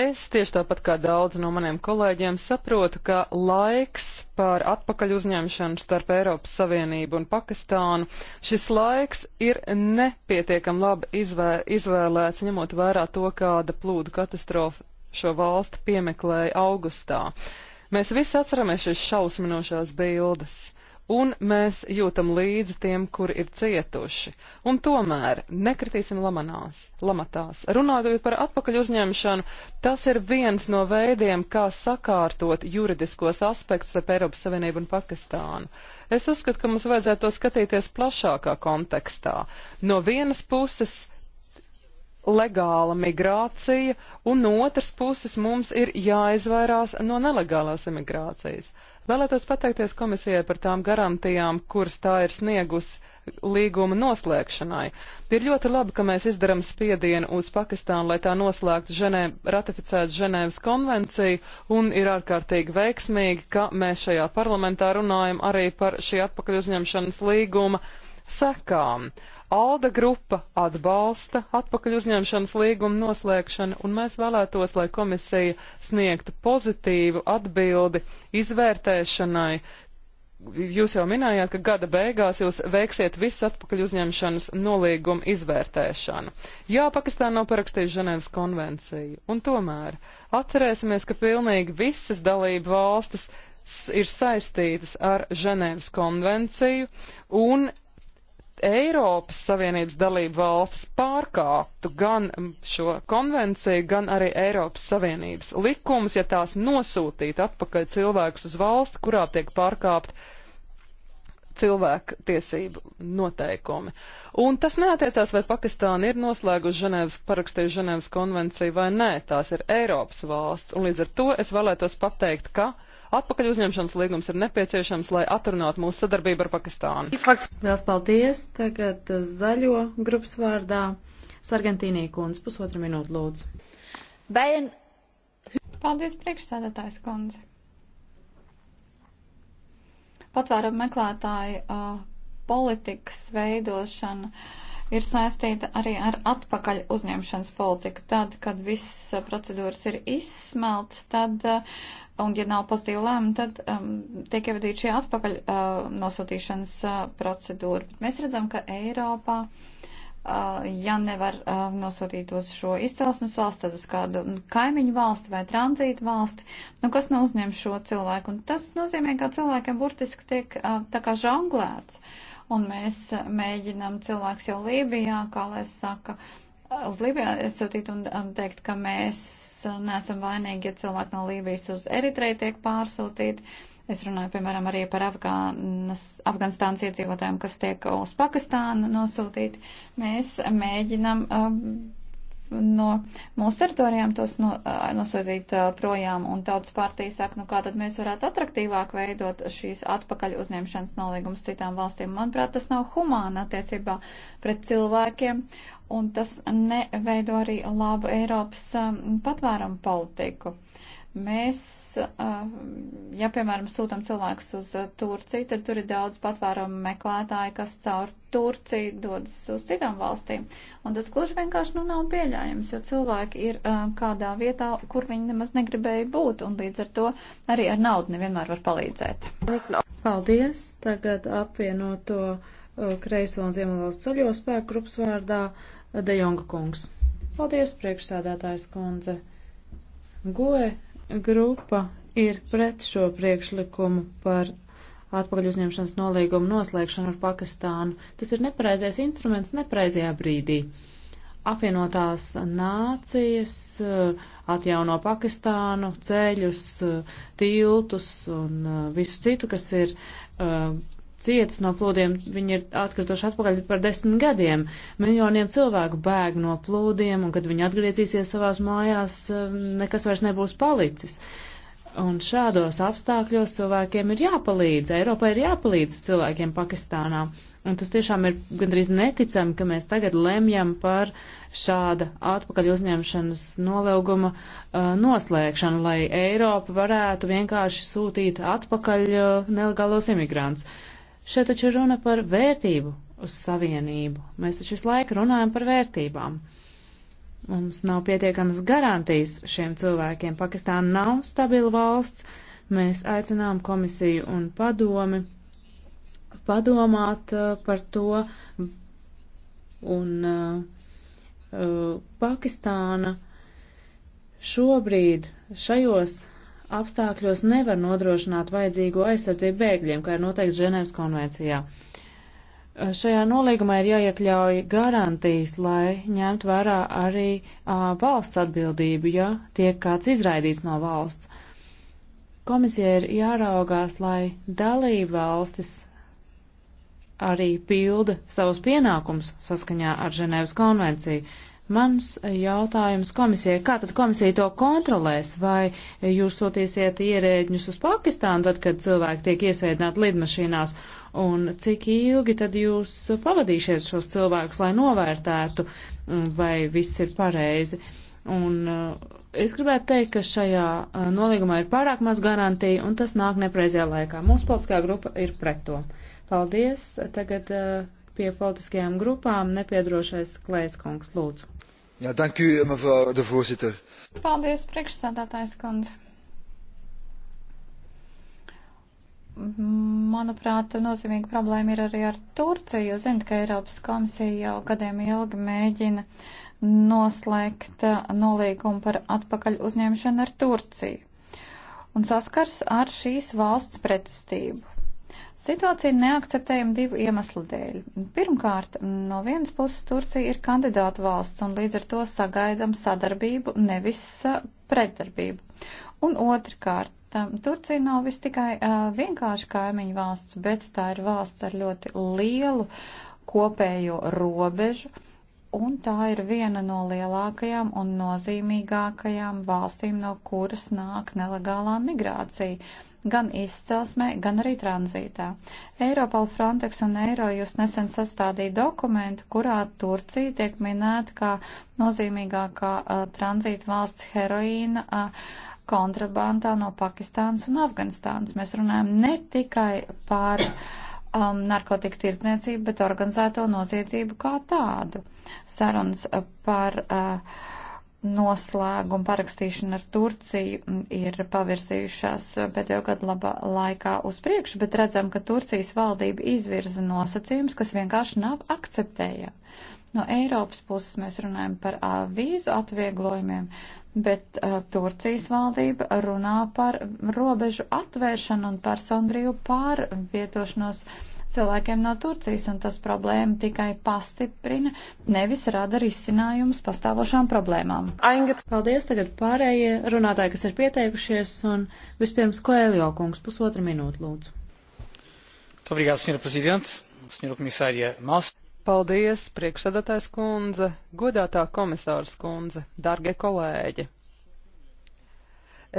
Es tieši tāpat kā daudz no maniem kolēģiem saprotu, ka laiks par atpakaļ uzņemšanu starp Eiropas Savienību un Pakistānu šis laiks ir nepietiekam labi izvē, izvēlēts, ņemot vērā to, kāda plūdu katastrofa šo valstu piemeklēja augustā. Mēs visi atceramies šīs šausminošās bildes un mēs jūtam līdzi tiem, kuri ir cietuši. Un tomēr nekritīsim lamanās, lamatās. Runājot par atpakaļ uzņemšanu, tas ir viens no veidiem, kā sakārtot juridiskos aspektus ar Eiropas Savienību un Pakistānu. Es uzskatu, ka mums vajadzētu to skatīties plašākā kontekstā. No vienas puses legāla migrācija, un no otras puses mums ir jāizvairās no nelegālās imigrācijas. Vēlētos pateikties komisijai par tām garantijām, kuras tā ir sniegus līguma noslēgšanai. Ir ļoti labi, ka mēs izdaram spiedienu uz Pakistānu, lai tā noslēgtu ženē, ratificētu Ženēvas konvenciju, un ir ārkārtīgi veiksmīgi, ka mēs šajā parlamentā runājam arī par šī atpakaļ uzņemšanas līguma sekām. Uh, Alda grupa atbalsta atpakaļ uzņemšanas līguma noslēgšanu, un mēs vēlētos, lai komisija sniegtu pozitīvu atbildi izvērtēšanai. Jūs jau minējāt, ka gada beigās jūs veiksiet visu atpakaļ uzņemšanas nolīgumu izvērtēšanu. Jā, Pakistāna nav parakstījusi Ženēvas konvenciju, un tomēr atcerēsimies, ka pilnīgi visas dalību valstis ir saistītas ar Ženēvas konvenciju, un Eiropas Savienības dalību valstis pārkāptu gan šo konvenciju, gan arī Eiropas Savienības likumus, ja tās nosūtītu atpakaļ cilvēkus uz valsti, kurā tiek pārkāpt cilvēku tiesību noteikumi. Un tas neatiecās, vai Pakistāna ir noslēgusi Ženēvas, parakstījusi Ženēvas konvenciju vai nē, tās ir Eiropas valsts, un līdz ar to es vēlētos pateikt, ka Atpakaļ uzņemšanas līgums ir nepieciešams, lai atrunātu mūsu sadarbību ar Pakistānu. Lielas paldies! Tagad uh, zaļo grupas vārdā Sargentīnī kundze, pusotra minūte lūdzu. Bain... Paldies, priekšsēdētājs kundze. Patvērumu meklētāju uh, politikas veidošana. Uh, ir saistīta arī ar atpakaļ uzņemšanas politiku. Tad, kad viss uh, procedūras ir izsmelts, tad, uh, un ja nav pozitīva lēma, tad um, tiek ievadīta šī atpakaļ uh, nosūtīšanas uh, procedūra. Bet mēs redzam, ka Eiropā uh, ja nevar uh, nosūtīt uz šo izcelsmes valsti, tad uz kādu nu, kaimiņu valsti vai tranzītu valsti, nu kas nu uzņem šo cilvēku. Un tas nozīmē, ka cilvēkiem burtiski tiek tā kā žonglēts. Uh, un mēs mēģinam cilvēks jau Lībijā, kā lai saka, uz Lībijā sūtīt un um, teikt, ka mēs neesam vainīgi, ja cilvēki no Lībijas uz Eritreju tiek pārsūtīti. Es runāju, piemēram, arī par Afgānas, Afganistānas iedzīvotājiem, kas tiek uz Pakistānu nosūtīti. Mēs mēģinam. Um, no mūsu teritorijām tos no, nosūtīt projām, un tautas partija saka, nu kā tad mēs varētu atraktīvāk veidot šīs atpakaļ uzņemšanas nolīgumus citām valstīm. Manuprāt, tas nav humāna attiecībā pret cilvēkiem, un tas neveido arī labu Eiropas patvērumu politiku. Uh, Mēs, uh, ja piemēram sūtam cilvēkus uz uh, Turciju, tad tur ir daudz patvērumu meklētāju, kas caur Turciju dodas uz citām valstīm. Un tas gluži vienkārši nu nav pieļājams, jo cilvēki ir uh, kādā vietā, kur viņi nemaz negribēja būt, un līdz ar to arī ar naudu nevienmēr var palīdzēt. Paldies! Tagad apvienoto kreiso un ziemelos ceļo spēku grupas vārdā Dejonga kungs. Paldies, priekšsēdētājs kundze! Goe grupa ir pret šo priekšlikumu par atpakaļ uzņemšanas nolīgumu noslēgšanu ar Pakistānu. Tas ir nepareizais instruments nepareizajā brīdī. Apvienotās nācijas eh, atjauno Pakistānu, ceļus, eh, tiltus un eh, visu citu, kas ir cietas no plūdiem, viņi ir atkrituši atpakaļ par desmit gadiem. Miljoniem cilvēku bēg no plūdiem, un kad viņi atgriezīsies savās mājās, um, nekas vairs nebūs palicis. Un šādos apstākļos cilvēkiem ir jāpalīdz, Eiropai ir jāpalīdz cilvēkiem Pakistānā. Un tas tiešām ir gandrīz neticami, ka mēs tagad lemjam par šāda atpakaļ uzņemšanas nolauguma uh, noslēgšanu, lai Eiropa varētu vienkārši sūtīt atpakaļ uh, nelegālos imigrantus. Uh, Šeit taču ir runa par vērtību uz savienību. Mēs taču visu laiku runājam par vērtībām. Mums nav pietiekamas garantijas šiem cilvēkiem. Pakistāna nav stabila valsts. Mēs aicinām komisiju un padomi padomāt uh, par to. Un uh, uh Pakistāna šobrīd šajos apstākļos nevar nodrošināt vajadzīgo aizsardzību bēgļiem, kā ir noteikts Ženēvas konvencijā. Šajā nolīgumā ir jāiekļauj garantijas, lai ņemt vērā arī a, valsts atbildību, ja tiek kāds izraidīts no valsts. Komisija ir jāraugās, lai dalība valstis arī pilda savus pienākumus saskaņā ar Ženēvas konvenciju, Mans jautājums komisijai, kā tad komisija to kontrolēs? Vai jūs sūtīsiet ierēģņus uz Pakistānu, tad, kad cilvēki tiek iesēdināti lidmašīnās? Un cik ilgi tad jūs pavadīsiet šos cilvēkus, lai novērtētu, mm, vai viss ir pareizi? Un eh, es gribētu teikt, ka šajā eh, nolīgumā ir pārāk maz garantija, un tas nāk nepreizajā laikā. Mūsu politiskā grupa ir pret to. Paldies. Tagad uh, pie politiskajām grupām nepiedrošais Klēskungs. Lūdzu. Jā, ja, dank u, mevrouw de voorzitter. Paldies, priekšsādātājs kundze. Manuprāt, nozīmīga problēma ir arī ar Turciju. Jūs zinat, ka Eiropas komisija jau gadiem ilgi mēģina noslēgt nolīgumu par atpakaļ uzņemšanu ar Turciju un saskars ar šīs valsts pretestību. Situācija ir neakceptējama divu iemeslu dēļ. Pirmkārt, no vienas puses Turcija ir kandidāta valsts un līdz ar to sagaidam sadarbību, nevis pretdarbību. Un otrkārt, Turcija nav vis tikai vienkārši kaimiņu valsts, bet tā ir valsts ar ļoti lielu kopējo robežu un tā ir viena no lielākajām un nozīmīgākajām valstīm, no kuras nāk nelegālā migrācija, gan izcelsmē, gan arī tranzītā. Eiropal Frontex un Eirojus nesen sastādīja dokumentu, kurā Turcija tiek minēta kā nozīmīgākā uh, tranzīta valsts heroīna. Uh, kontrabandā no Pakistānas un Afganistānas. Mēs runājam ne tikai par uh, um, narkotika tirdzniecību, bet organizēto noziedzību kā tādu. Sarunas uh, par uh, noslēgumu parakstīšanu ar Turciju mm, ir pavirzījušās uh, pēdējo gadu labā laikā uz priekšu, bet redzam, ka Turcijas valdība izvirza nosacījumus, kas vienkārši nav akceptējami. No Eiropas puses mēs runājam par uh, vīzu atvieglojumiem, bet uh, Turcijas valdība runā par robežu atvēršanu un personu brīvu pārvietošanos cilvēkiem no Turcijas, un tas problēma tikai pastiprina, nevis rada risinājumus pastāvošām problēmām. Aingats. Paldies, tagad pārējie runātāji, kas ir pieteikušies, un vispirms Koeljo kungs, pusotra minūte, lūdzu. Obrigado, senhora Presidente, senhora Comissária Malmström. Paldies, priekšsēdētājs kundze, godātā komisārs kundze, dargie kolēģi!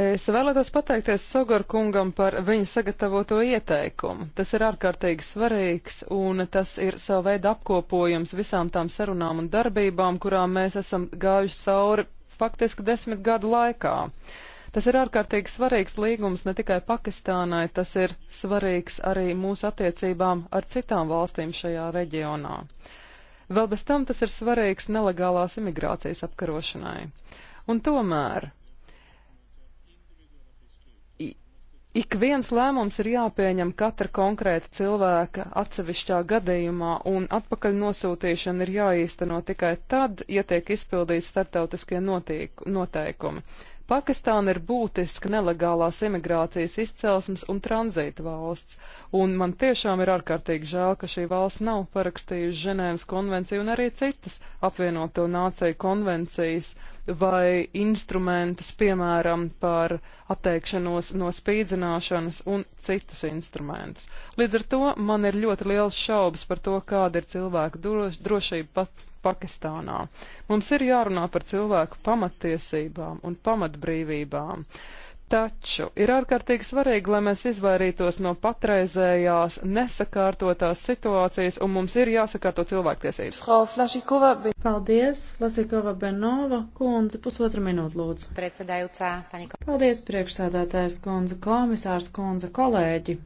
Es vēlētos pateikties Sogor kungam par viņa sagatavoto ieteikumu. Tas ir ārkārtīgi svarīgs un tas ir savu veidu apkopojums visām tām sarunām un darbībām, kurām mēs esam gājuši cauri faktiski desmit gadu laikā. Uh, Tas ir ārkārtīgi svarīgs līgums ne tikai Pakistānai, tas ir svarīgs arī mūsu attiecībām ar citām valstīm šajā reģionā. Vēl bez tam tas ir svarīgs nelegālās imigrācijas apkarošanai. Un tomēr ik viens lēmums ir jāpieņem katra konkrēta cilvēka atsevišķā gadījumā, un atpakaļ nosūtīšana ir jāīsteno tikai tad, ja tiek izpildīti starptautiskie noteikumi. Pakistāna ir būtiska nelegālās imigrācijas izcelsmes un tranzīta valsts, un man tiešām ir ārkārtīgi žēl, ka šī valsts nav parakstījusi Ženēvas konvenciju un arī citas apvienoto nāciju konvencijas vai instrumentus, piemēram, par atteikšanos no spīdzināšanas un citus instrumentus. Līdz ar to man ir ļoti liels šaubas par to, kāda ir cilvēku droš drošība pat Pakistānā. Mums ir jārunā par cilvēku pamatiesībām un pamatbrīvībām. Uh, Taču ir ārkārtīgi svarīgi, lai mēs izvairītos no patreizējās nesakārtotās situācijas, un mums ir jāsakārto cilvēktiesības. Paldies, Flasikova Benova, kundze, pusotra minūte lūdzu. Paldies, priekšsādātājs kundze, komisārs kundze, kolēģi.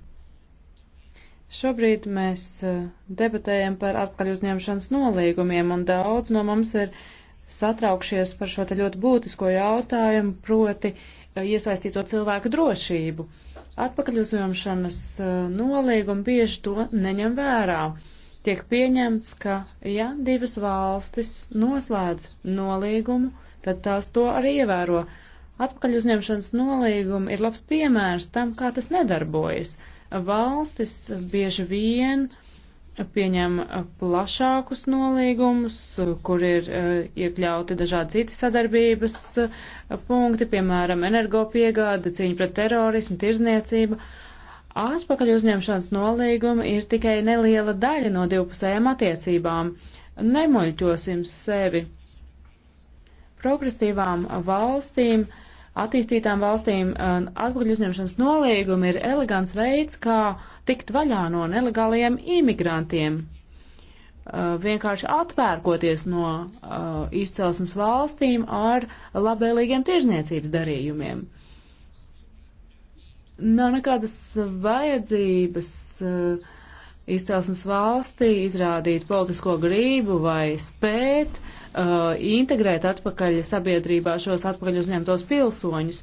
Šobrīd mēs eh, debatējam par atpakaļ uzņemšanas nolīgumiem, un daudz no mums ir satraukšies par šo te ļoti būtisko jautājumu, proti, uh, Eh, iesaistīto cilvēku drošību. Atpakaļuzņemšanas eh, nolīgumi bieži to neņem vērā. Tiek pieņemts, ka ja divas valstis noslēdz nolīgumu, tad tās to arī ievēro. Atpakaļuzņemšanas nolīgumi ir labs piemērs tam, kā tas nedarbojas. Valstis bieži vien uh, pieņem plašākus nolīgumus, kur ir iekļauti dažādi citi sadarbības punkti, piemēram, energopiegāde, cīņa pret terorismu, tirzniecība. Atpakaļ uzņemšanas nolīguma ir tikai neliela daļa no divpusējām attiecībām. Nemuļķosim sevi. Progresīvām valstīm, attīstītām valstīm atpakaļ uzņemšanas nolīguma ir elegants veids, kā uh, tikt vaļā no nelegāliem imigrantiem, uh, vienkārši atpērkoties no uh, izcelsmes valstīm ar labvēlīgiem tirzniecības darījumiem. Nav nekādas vajadzības uh, izcelsmes valstī izrādīt politisko grību vai spēt integrēt atpakaļ sabiedrībā šos atpakaļ uzņemtos pilsoņus.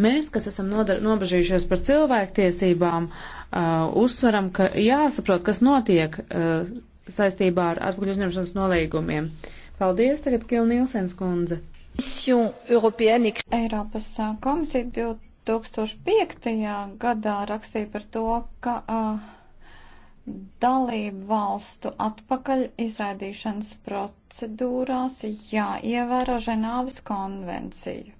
Mēs, kas esam nobažījušies par cilvēktiesībām, uh, Uh, uzsveram, ka jāsaprot, kas notiek uh, saistībā ar atpakaļ uzņemšanas nolīgumiem. Paldies, tagad Kila Nilsens kundze. Eiropas uh, komisija 2005. gadā rakstīja par to, ka uh, dalību valstu atpakaļ izraidīšanas procedūrās jāievēro Ženāvas konvenciju.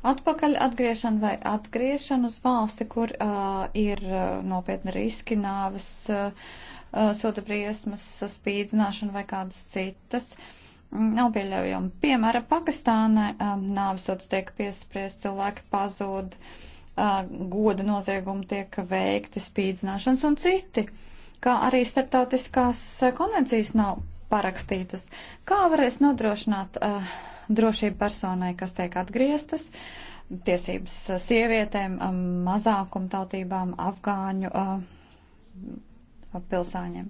Atpakaļ atgriešana vai atgriešana uz valsti, kur uh, ir uh, nopietni riski nāves, uh, soda briesmas, spīdzināšana vai kādas citas. Mm, nav pieļaujama. Piemēram, Pakistānai um, nāvisots tiek piespriezt, cilvēki pazūd, uh, goda noziegumi tiek veikti, spīdzināšanas un citi, kā arī starptautiskās konvencijas nav parakstītas. Kā varēs nodrošināt uh, drošību personai, kas tiek atgrieztas, tiesības sievietēm, um, mazākumtautībām, afgāņu uh, pilsāņiem.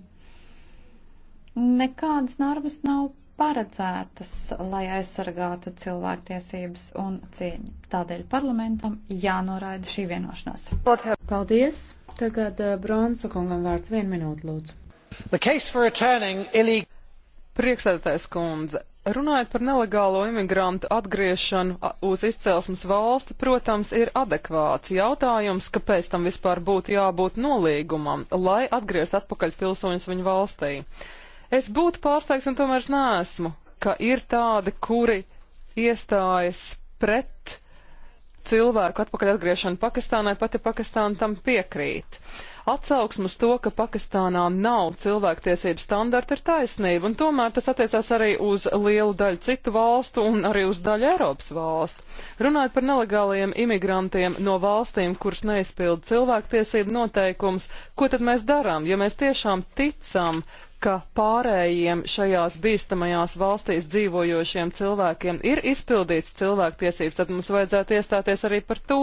Nekādas normas nav paredzētas, lai aizsargātu cilvēktiesības un cieņu. Tādēļ parlamentam jānoraida šī vienošanās. Paldies! Tagad uh, Bronsa kungam vārds vienu minūtu lūdzu. Priekšsēdētājs kundze, Runājot par nelegālo imigrantu atgriešanu uz izcelsmes valsti, protams, ir adekvāts jautājums, kāpēc tam vispār būtu jābūt nolīgumam, lai atgriezt atpakaļ pilsoņus viņu valstī. Es būtu pārsteigts un tomēr nesmu, ka ir tādi, kuri iestājas pret cilvēku atpakaļ atgriešanu Pakistānai, pat ja Pakistāna tam piekrīt. Uh, atsauksmas to, ka Pakistānā nav cilvēktiesību standarta ir taisnība, un tomēr tas attiecās arī uz lielu daļu citu valstu un arī uz daļu Eiropas valstu. Runājot par nelegālajiem imigrantiem no valstīm, kuras neizpilda cilvēktiesību noteikums, ko tad mēs darām, ja mēs tiešām ticam ka pārējiem šajās bīstamajās valstīs dzīvojošiem cilvēkiem ir izpildīts cilvēktiesības, tad mums vajadzētu iestāties arī par to.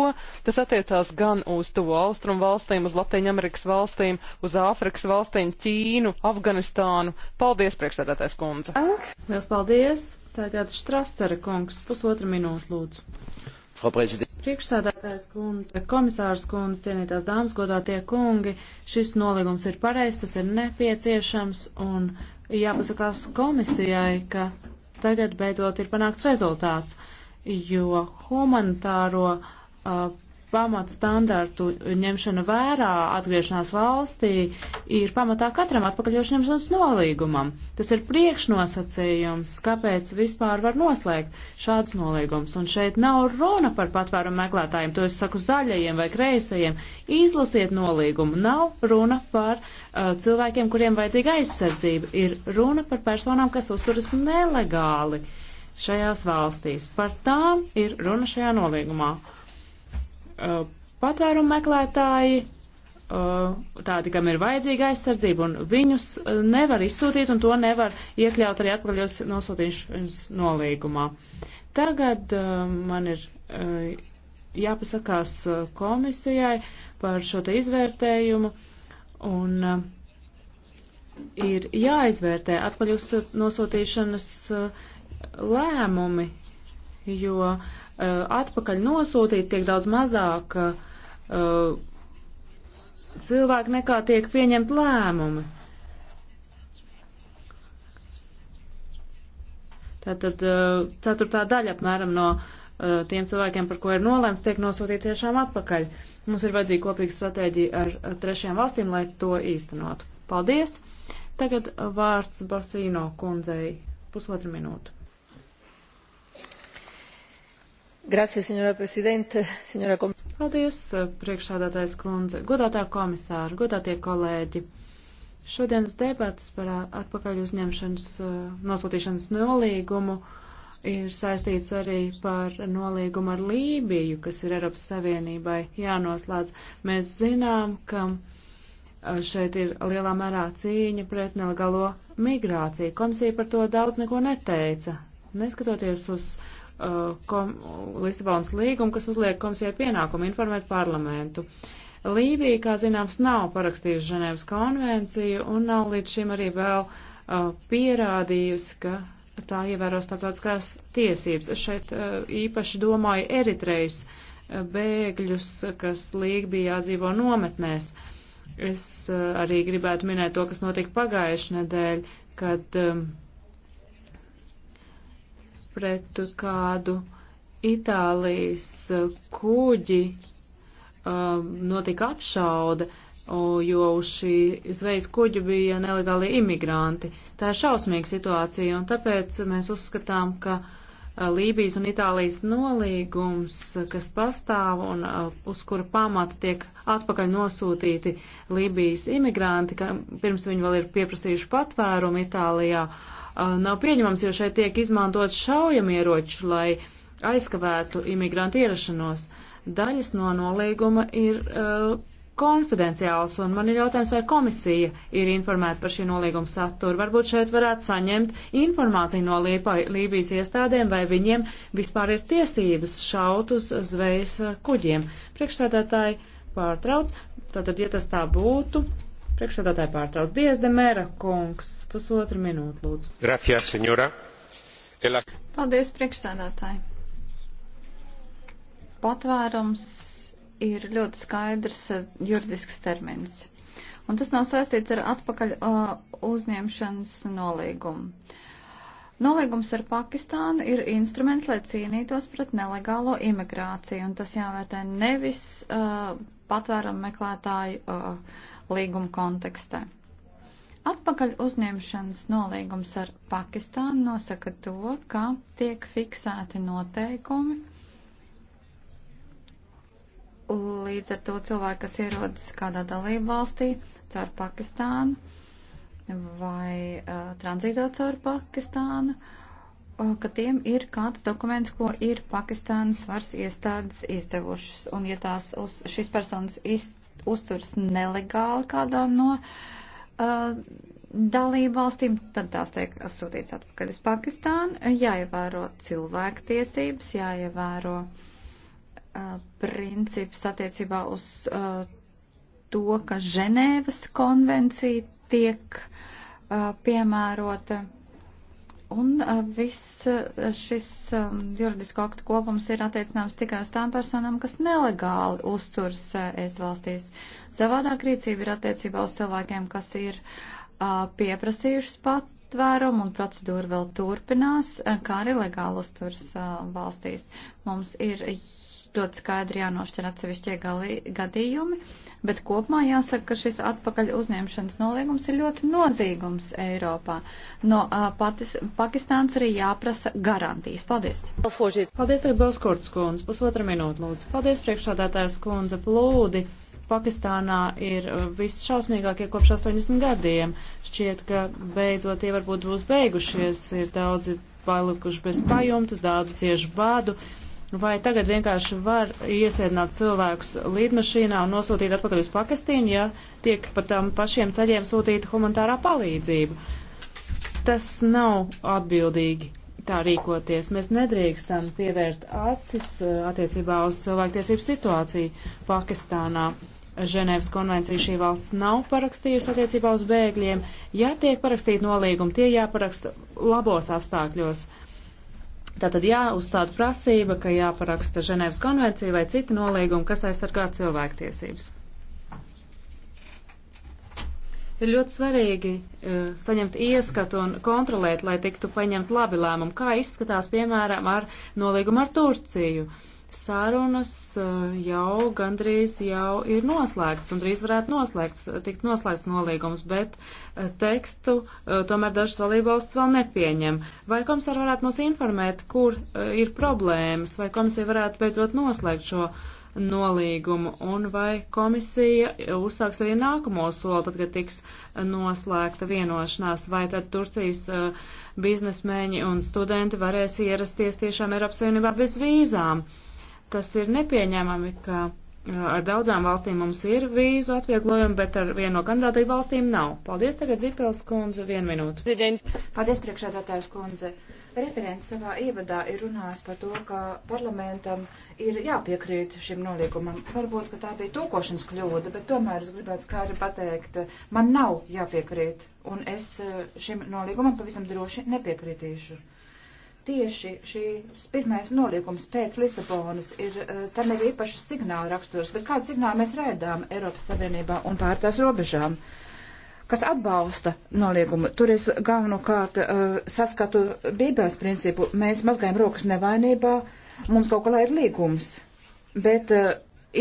Tas attiecās gan uz to austrumu valstīm, uz Latviju Amerikas valstīm, uz Āfrikas valstīm, Ķīnu, Afganistānu. Paldies, priekšsēdētājs kundze! Liels paldies! Tagad Štrasera kungs, pusotra minūte lūdzu. Frau Präsidentin. Priekšsādātājs kundze, komisārs kundze, cienītās dāmas, godātie kungi, šis nolīgums ir pareizs, tas ir nepieciešams un jāpasakās komisijai, ka tagad beidzot ir panākts rezultāts, jo humanitāro uh, pamatstandartu ņemšana vērā atgriešanās valstī ir pamatā katram atpakaļošanas nolīgumam. Tas ir priekšnosacījums, kāpēc vispār var noslēgt šāds nolīgums. Un šeit nav runa par patvērumu meklētājiem, to es saku zaļajiem vai kreisajiem. Izlasiet nolīgumu. Nav runa par uh, cilvēkiem, kuriem vajadzīga aizsardzība. Ir runa par personām, kas uzturas nelegāli šajās valstīs. Par tām ir runa šajā nolīgumā uh, patvērumu meklētāji, uh, tādi, kam ir vajadzīga aizsardzība, un viņus uh, nevar izsūtīt, un to nevar iekļaut arī atpakaļos nosūtīšanas nolīgumā. Tagad uh, man ir uh, jāpasakās uh, komisijai par šo te izvērtējumu, un ir jāizvērtē atpakaļ nosūtīšanas lēmumi, jo uh, Eh, atpakaļ nosūtīti, tiek daudz mazāk eh, cilvēki nekā tiek pieņemt lēmumi. Tātad eh, ceturtā daļa apmēram no tiem cilvēkiem, par ko ir nolēmts, tiek nosūtīti tiešām atpakaļ. Mums ir vajadzīga kopīga stratēģija ar trešajām valstīm, lai to īstenotu. Paldies! Tagad vārds Basīno kundzei pusotru minūtu. Grazie, senora prezidente, senora komisāra. Paldies, eh, priekšsādātājs kundze, godātā komisāra, godātie kolēģi. Šodienas debatas par eh, atpakaļ uzņemšanas eh, nosūtīšanas nolīgumu ir saistīts arī par nolīgumu ar Lībiju, kas ir Eiropas Savienībai jānoslēdz. Mēs zinām, ka šeit ir lielā mērā cīņa pret nelegālo migrāciju. Komisija par to daudz neko neteica. Neskatoties uz Uh, kom, Lisabonas līgumu, kas uzliek komisijai pienākumu informēt parlamentu. Lībija, kā zināms, nav parakstījusi Ženēvas konvenciju un nav līdz šim arī vēl uh, pierādījusi, ka tā ievēros starptautiskās tiesības. Es šeit uh, īpaši domāju Eritrejas uh, bēgļus, kas Lībijā dzīvo nometnēs. Es uh, arī gribētu minēt to, kas notika pagājušajā nedēļ, kad um, uh, pret kādu Itālijas kuģi um, notika apšaude, jo uz šī zvejas kuģa bija nelegāli imigranti. Tā ir šausmīga situācija, un tāpēc mēs uzskatām, ka Lībijas un Itālijas nolīgums, kas pastāv un uz kura pamata tiek atpakaļ nosūtīti Lībijas imigranti, ka pirms viņi vēl ir pieprasījuši patvērumu Itālijā, uh, nav pieņemams, jo šeit tiek izmantot šaujamieroči, lai aizkavētu imigrantu ierašanos. Daļas no nolīguma ir uh, konfidenciāls, un man ir jautājums, vai komisija ir informēta par šī nolīguma saturu. Varbūt šeit varētu saņemt informāciju no Līpa, Lībijas iestādēm, vai viņiem vispār ir tiesības šaut uz zvejas kuģiem. Priekšsēdētāji pārtrauc, tātad, ja tas tā būtu, Priekšsēdētāji pārtrauc. Dievs de Mēra kungs, pusotra minūte, lūdzu. Gracias, senora. Ela... Paldies, priekšsēdētāji. Patvērums ir ļoti skaidrs eh, juridisks termins. Un tas nav saistīts ar atpakaļ uh, uzņemšanas nolīgumu. Uh, Nolīgums ar Pakistānu ir instruments, lai cīnītos pret nelegālo imigrāciju, un tas jāvērtē nevis uh, patvērumu meklētāju uh, līguma kontekstā. Atpakaļ uzņemšanas nolīgums ar Pakistānu nosaka to, ka tiek fiksēti noteikumi. Līdz ar to cilvēki, kas ierodas kādā dalību valstī caur Pakistānu vai uh, tranzītā caur Pakistānu, uh, ka tiem ir kāds dokuments, ko ir Pakistānas varas iestādes izdevušas. Un ja tās uz šīs personas izdevušas, uzturs nelegāli kādā no uh, dalību valstīm, tad tās tiek sūtīts atpakaļ uz Pakistānu. Jāievēro cilvēktiesības, jāievēro uh, princips attiecībā uz uh, to, ka Ženēvas konvencija tiek uh, piemērota. Un viss šis juridisko aktu kopums ir attiecināms tikai uz tām personām, kas nelegāli uzturs es valstīs. Savādāk rīcība ir attiecībā uz cilvēkiem, kas ir pieprasījušas patvērumu un procedūra vēl turpinās, kā arī legāli uzturs valstīs. Mums ir ļoti skaidri jānošķir atsevišķie gadījumi, bet kopumā jāsaka, ka šis atpakaļ uzņemšanas nolīgums ir ļoti nozīgums Eiropā. No uh, patis, Pakistāns arī jāprasa garantijas. Paldies! Paldies, Libels Kurts kundze. Pusotra minūte, lūdzu. Paldies, priekšādātājs kundze. Plūdi! Pakistānā ir visšausmīgākie kopš 80 gadiem. Šķiet, ka beidzot tie varbūt būs beigušies, ir daudzi palikuši bez pajumtes, daudzi cieši badu. Uh, Vai tagad vienkārši var iesēdināt cilvēkus līdmašīnā un nosūtīt atpakaļ uz Pakistīnu, ja tiek pa tam pašiem ceļiem sūtīta humanitārā palīdzība? Tas nav atbildīgi tā rīkoties. Mēs nedrīkstam pievērt acis eh, attiecībā uz cilvēktiesību situāciju Pakistānā. Ženēvas konvenciju šī valsts nav parakstījusi attiecībā uz bēgļiem. Ja tiek parakstīta nolīguma, tie jāparaksta labos apstākļos Tātad jāuzstāda prasība, ka jāparaksta Ženēvas konvencija vai cita nolīguma, kas aizsargā cilvēktiesības. Ir ļoti svarīgi uh, saņemt ieskatu un kontrolēt, lai tiktu paņemt labi lēmumu, kā izskatās, piemēram, ar nolīgumu ar Turciju. Uh, Sārunas eh, jau gandrīz jau ir noslēgts un drīz varētu noslēgts, tikt noslēgts nolīgums, bet eh, tekstu eh, tomēr dažas valībvalstis vēl nepieņem. Vai komisāri varētu mūs informēt, kur ir problēmas, vai komisija varētu beidzot noslēgt šo nolīgumu, un vai komisija uzsāks arī nākamo soli, tad, kad tiks noslēgta vienošanās, vai tad Turcijas uh, biznesmeņi un studenti varēs ierasties tiešām Eiropas Savienībā bez vīzām. Uh, tas ir nepieņemami, ka uh, ar daudzām valstīm mums ir vīzu atvieglojumi, bet ar vienu no kandidātību valstīm nav. Paldies tagad Zipels kundze, vienu minūtu. Paldies priekšādātājs kundze. Referents savā ievadā ir runājis par to, ka parlamentam ir jāpiekrīt šim noliekumam. Varbūt, ka tā bija tūkošanas kļūda, bet tomēr es gribētu skaidri pateikt, man nav jāpiekrīt, un es uh, šim noliekumam pavisam droši nepiekritīšu tieši šīs pirmais nolikums pēc Lisabonas ir, eh, tam ir īpaši signāla raksturs, bet kādu signālu mēs rēdām Eiropas Savienībā un pār tās robežām? kas atbalsta noliekumu. Tur es galvenokārt uh, saskatu Bībeles principu. Mēs mazgājam rokas nevainībā, mums kaut kā ir līgums. Bet uh,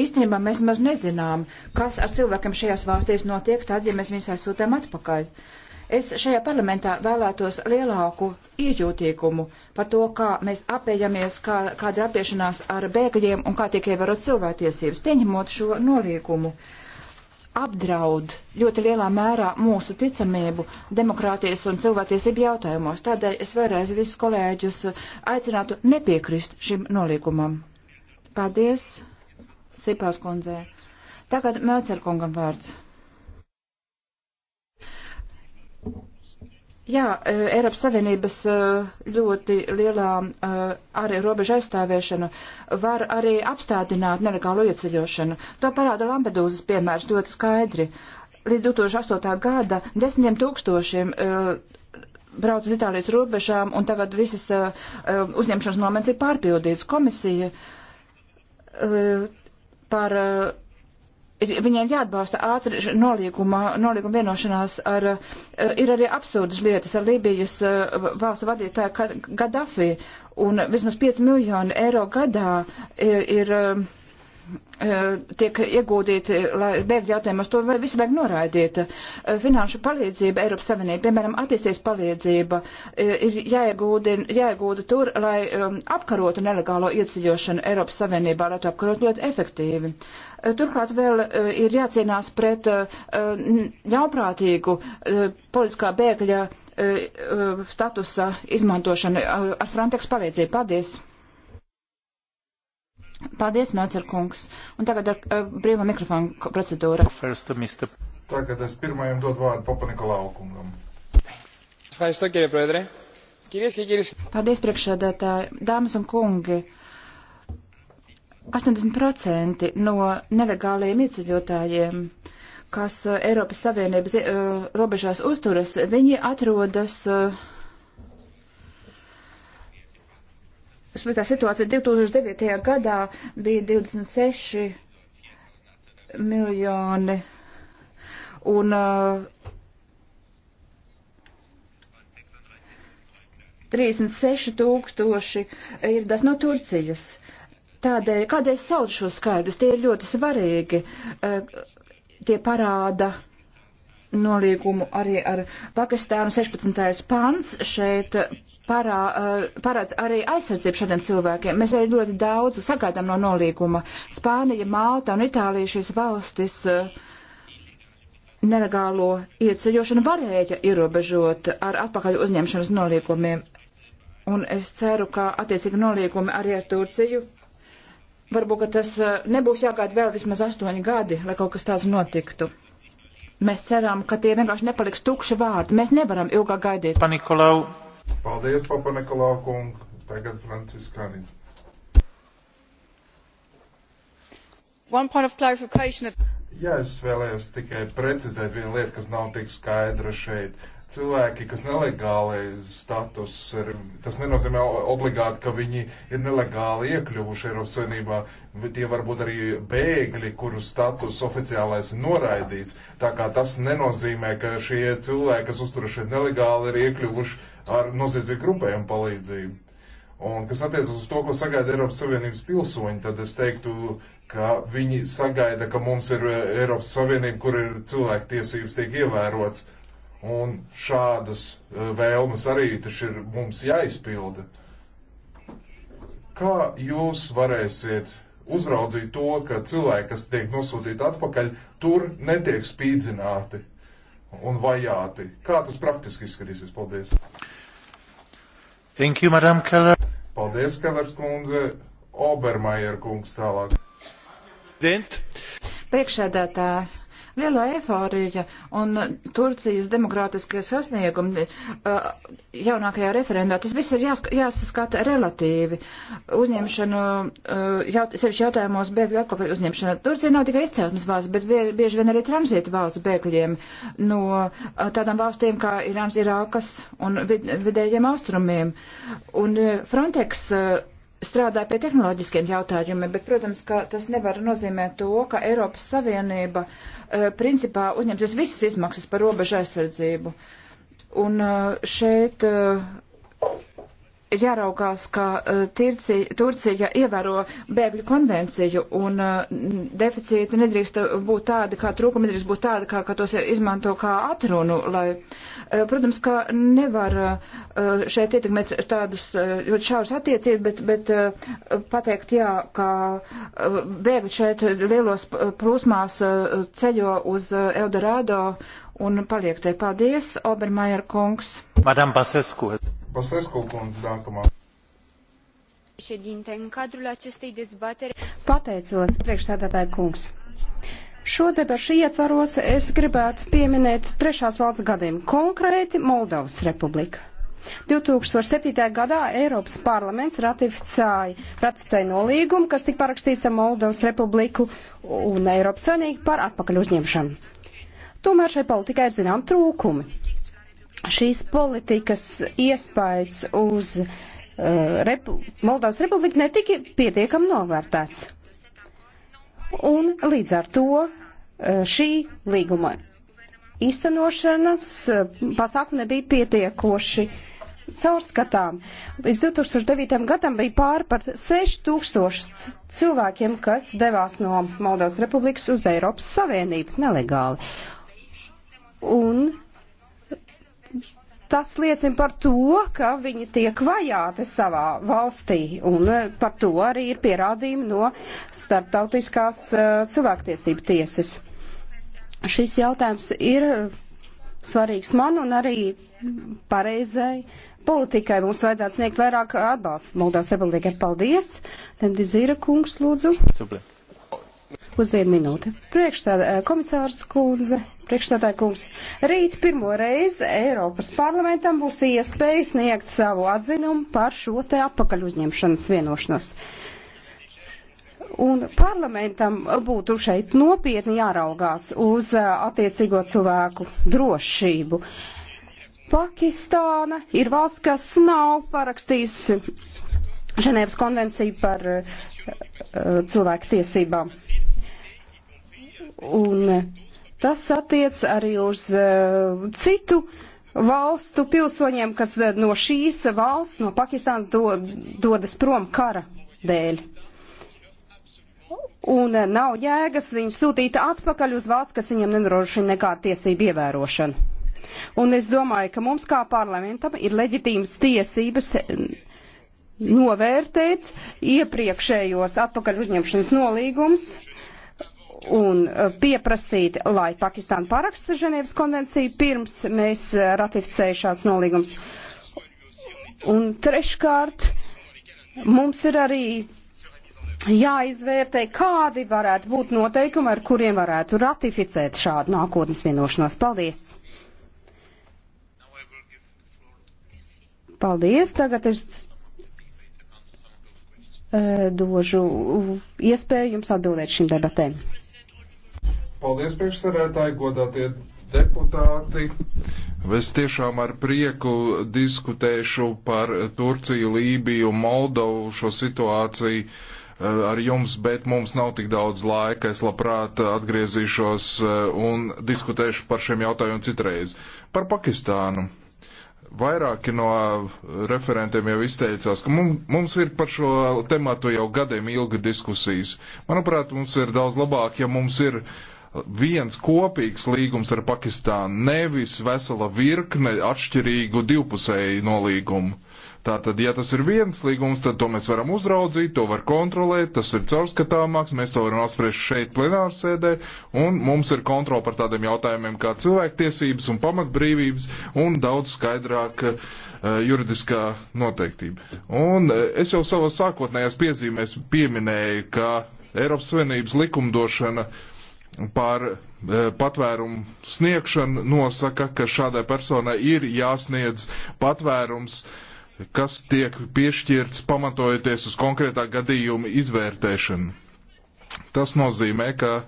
īstenībā mēs maz nezinām, kas ar cilvēkiem šajās valstīs notiek tad, ja mēs viņus aizsūtām atpakaļ. Uh, Es šajā parlamentā vēlētos lielāku iejūtīgumu par to, kā mēs apējamies, kā, kāda ir apiešanās ar bēgļiem un kā tiek ievērot cilvēktiesības. Pieņemot šo nolīgumu, apdraud ļoti lielā mērā mūsu ticamību demokrātijas un cilvēktiesību jautājumos. Tādēļ es vēlreiz visus kolēģus aicinātu nepiekrist šim nolīgumam. Paldies, Sipās kundzē. Tagad Mēcerkungam vārds. Jā, e, Eiropas Savienības e, ļoti lielā e, arī robeža aizstāvēšana var arī apstādināt nelegālu ieceļošanu. To parāda Lampedūzas piemērs ļoti skaidri. Līdz 2008. gada desmitiem tūkstošiem brauc uz Itālijas robežām, un tagad visas uh, uzņemšanas nomens ir pārpildīts. Komisija uh, par uh, viņiem jāatbalsta ātri nolīguma, nolīguma vienošanās ar, eh, ir arī absurdas lietas ar Lībijas eh, valsts vadītāju Gaddafi, un vismaz 5 miljoni eiro gadā eh, ir, ir Eh, tiek iegūdīti, lai bēgļu jautājumus, to visu vajag noraidīt. Eh, finanšu palīdzība Eiropas Savienība, piemēram, attīstības palīdzība, eh, ir jāiegūda, jāiegūda tur, lai um, apkarotu nelegālo ieceļošanu Eiropas Savienībā, lai to apkarotu ļoti efektīvi. Turklāt vēl ir jācīnās pret ļauprātīgu politiskā bēgļa statusa izmantošanu ar Frontex palīdzību. Paldies! Paldies, Melcer kungs. Un tagad ar, ar brīvā mikrofonu procedūra. First, Mr. Tagad es pirmajam dodu vārdu Papanika laukungam. Paldies, priekšsēdētāji. Dāmas un kungi. 80% no nelegāliem ieceļotājiem, kas eh, Eiropas Savienības uh, robežās uzturas, viņi atrodas uh, sliktā situācija 2009. gadā bija 26 miljoni. Un uh, 36 tūkstoši ir tas no Turcijas. Tādēļ, kādēļ sauc šo skaidrus, tie ir ļoti svarīgi. Uh, tie parāda noliegumu arī ar Pakistānu 16. pants šeit parā, eh, parāds arī aizsardzību šādiem cilvēkiem. Mēs arī ļoti daudz sagaidām no nolīguma. Spānija, Malta un Itālija šīs valstis eh, nelegālo ieceļošanu varēja ierobežot ar atpakaļ uzņemšanas nolīgumiem. Un es ceru, ka attiecīgi nolīgumi arī ar Turciju. Varbūt, ka tas eh, nebūs jāgaida vēl vismaz astoņi gadi, lai kaut kas tāds notiktu. Mēs ceram, ka tie vienkārši nepaliks tukši vārdi. Mēs nevaram ilgāk gaidīt. Pa Nikolau, Paldies, Papa Nikolā kungu. Tagad Franciskani. One point of clarification. Jā, es vēlējos tikai precizēt vienu lietu, kas nav tik skaidra šeit. Uh, cilvēki, kas nelegāli status, ir, tas nenozīmē obligāti, ka viņi ir nelegāli iekļuvuši Eiropas Savienībā. Tie var būt arī bēgļi, kuru status oficiālais ir noraidīts. Tā kā tas nenozīmē, ka šie cilvēki, kas uzturas šeit nelegāli, ir iekļuvuši ar noziedzīgu grupējumu palīdzību. Un kas attiecas uz to, ko sagaida Eiropas Savienības pilsoņi, tad es teiktu, ka viņi sagaida, ka mums ir Eiropas Savienība, kur ir cilvēku tiesības tiek ievērots Un šādas e, vēlmes arī taču ir mums jāizpilda. Kā jūs varēsiet uzraudzīt to, ka cilvēki, kas tiek nosūtīti atpakaļ, tur netiek spīdzināti un vajāti. Kā tas praktiski izskatīsies? Paldies! Thank you, Madam Keller. Paldies, Kellers kundze. Obermajer kungs tālāk. Dent. Priekšsēdētāji, lielā eforija un Turcijas demokrātiskie sasniegumi uh, jaunākajā referendā. Tas viss ir jāsaskata relatīvi. Uzņemšanu, uh, jaut, sevišķi jautājumos bēgļu atkopēju uzņemšanu. Turcija nav tikai izcelsmes valsts, bet bieži vien arī tranzīta valsts bēgļiem no uh, tādām valstīm kā Irāns, Irākas un vid vidējiem austrumiem. Un Frontex strādāja pie tehnoloģiskiem jautājumiem, bet, protams, ka tas nevar nozīmēt to, ka Eiropas Savienība eh, principā uzņemsies visas izmaksas par robežu aizsardzību. Un eh, šeit eh, jāraugās, ka eh, Tirci, Turcija ievēro bēgļu konvenciju un eh, deficīti nedrīkst būt tādi, kā trūkumi nedrīkst būt tādi, kā, ka tos izmanto kā atrunu, lai, eh, protams, ka nevar šeit ietekmēt tādas ļoti šauras attiecības, bet, bet pateikt, jā, ka bēgļi šeit lielos plūsmās ceļo uz Eldorado un paliek te. Paldies, Obermajer kungs. Madam Basesku. Pasescu kundze nākamā. Pateicos, priekšstādātāja kungs. Šo debašu ietvaros es gribētu pieminēt trešās valsts gadiem, konkrēti Moldovas republiku. 2007. gadā Eiropas parlaments ratificēja, ratificēja nolīgumu, kas tika parakstīts ar Moldovas republiku un Eiropas savienību par atpakaļ uzņemšanu. Tomēr šai politikai ir zinām trūkumi šīs politikas iespējas uz uh, Repu Moldovas republiku netika pietiekam novērtēts. Un līdz ar to uh, šī līguma īstenošanas uh, pasākumi nebija pietiekoši caurskatām. Līdz 2009. gadam bija pāri par 6000 cilvēkiem, kas devās no Moldovas republikas uz Eiropas Savienību nelegāli. Un tas liecina par to, ka viņi tiek vajāti savā valstī, un eh, par to arī ir pierādījumi no starptautiskās eh, cilvēktiesība tiesas. Šis jautājums ir eh, svarīgs man un arī pareizai politikai. Mums vajadzētu sniegt vairāk atbalstu Moldovas republikai. Paldies! Demdizīra kungs, lūdzu. Uz vienu minūti. Priekšstādā komisārs kundze. Priekšstādāja kungs, rīt pirmo reizi Eiropas parlamentam būs iespēja sniegt savu atzinumu par šo te apakaļ uzņemšanas vienošanos. Un parlamentam būtu šeit nopietni jāraugās uz attiecīgo cilvēku drošību. Pakistāna ir valsts, kas nav parakstījusi Ženēvas konvenciju par uh, cilvēku tiesībām. Un, uh, Tas attiec arī uz uh, citu valstu pilsoņiem, kas eh, no šīs valsts, no Pakistānas, do, dodas prom kara dēļ. Un eh, nav jēgas viņu sūtīt atpakaļ uz valsts, kas viņam nenorošina nekādu tiesību ievērošanu. Un es domāju, ka mums kā parlamentam ir leģitīmas tiesības novērtēt iepriekšējos atpakaļ uzņemšanas nolīgums un eh, pieprasīt, lai Pakistāna paraksta Ženēvas konvenciju pirms mēs eh, ratificēju šāds nolīgums. Un treškārt, mums ir arī jāizvērtē, kādi varētu būt noteikumi, ar kuriem varētu ratificēt šādu nākotnes vienošanos. Paldies! Paldies! Tagad es eh, dožu iespēju jums atbildēt šīm debatēm. Paldies, priekšsēdētāji, godātie deputāti. Es tiešām ar prieku diskutēšu par Turciju, Lībiju, Moldovu šo situāciju eh, ar jums, bet mums nav tik daudz laika. Es labprāt atgriezīšos eh, un diskutēšu par šiem jautājumiem citreiz. Par Pakistānu. Vairāki no eh, referentiem jau izteicās, ka mums ir par šo tematu jau gadiem ilga diskusijas. Manuprāt, mums ir daudz labāk, ja mums ir uh, viens kopīgs līgums ar Pakistānu, nevis vesela virkne atšķirīgu divpusēju nolīgumu. Tātad, ja tas ir viens līgums, tad to mēs varam uzraudzīt, to var kontrolēt, tas ir caurskatāmāks, mēs to varam apspriest šeit plenārsēdē, un mums ir kontrola par tādiem jautājumiem kā cilvēktiesības un pamatbrīvības un daudz skaidrāka uh, eh, juridiskā noteiktība. Un uh, es jau savas sākotnējās piezīmēs pieminēju, ka Eiropas Savienības likumdošana uh, par e, patvērumu sniegšanu nosaka, ka šādai personai ir jāsniedz patvērums, kas tiek piešķirts pamatojoties uz konkrētā gadījuma izvērtēšanu. Tas nozīmē, ka e,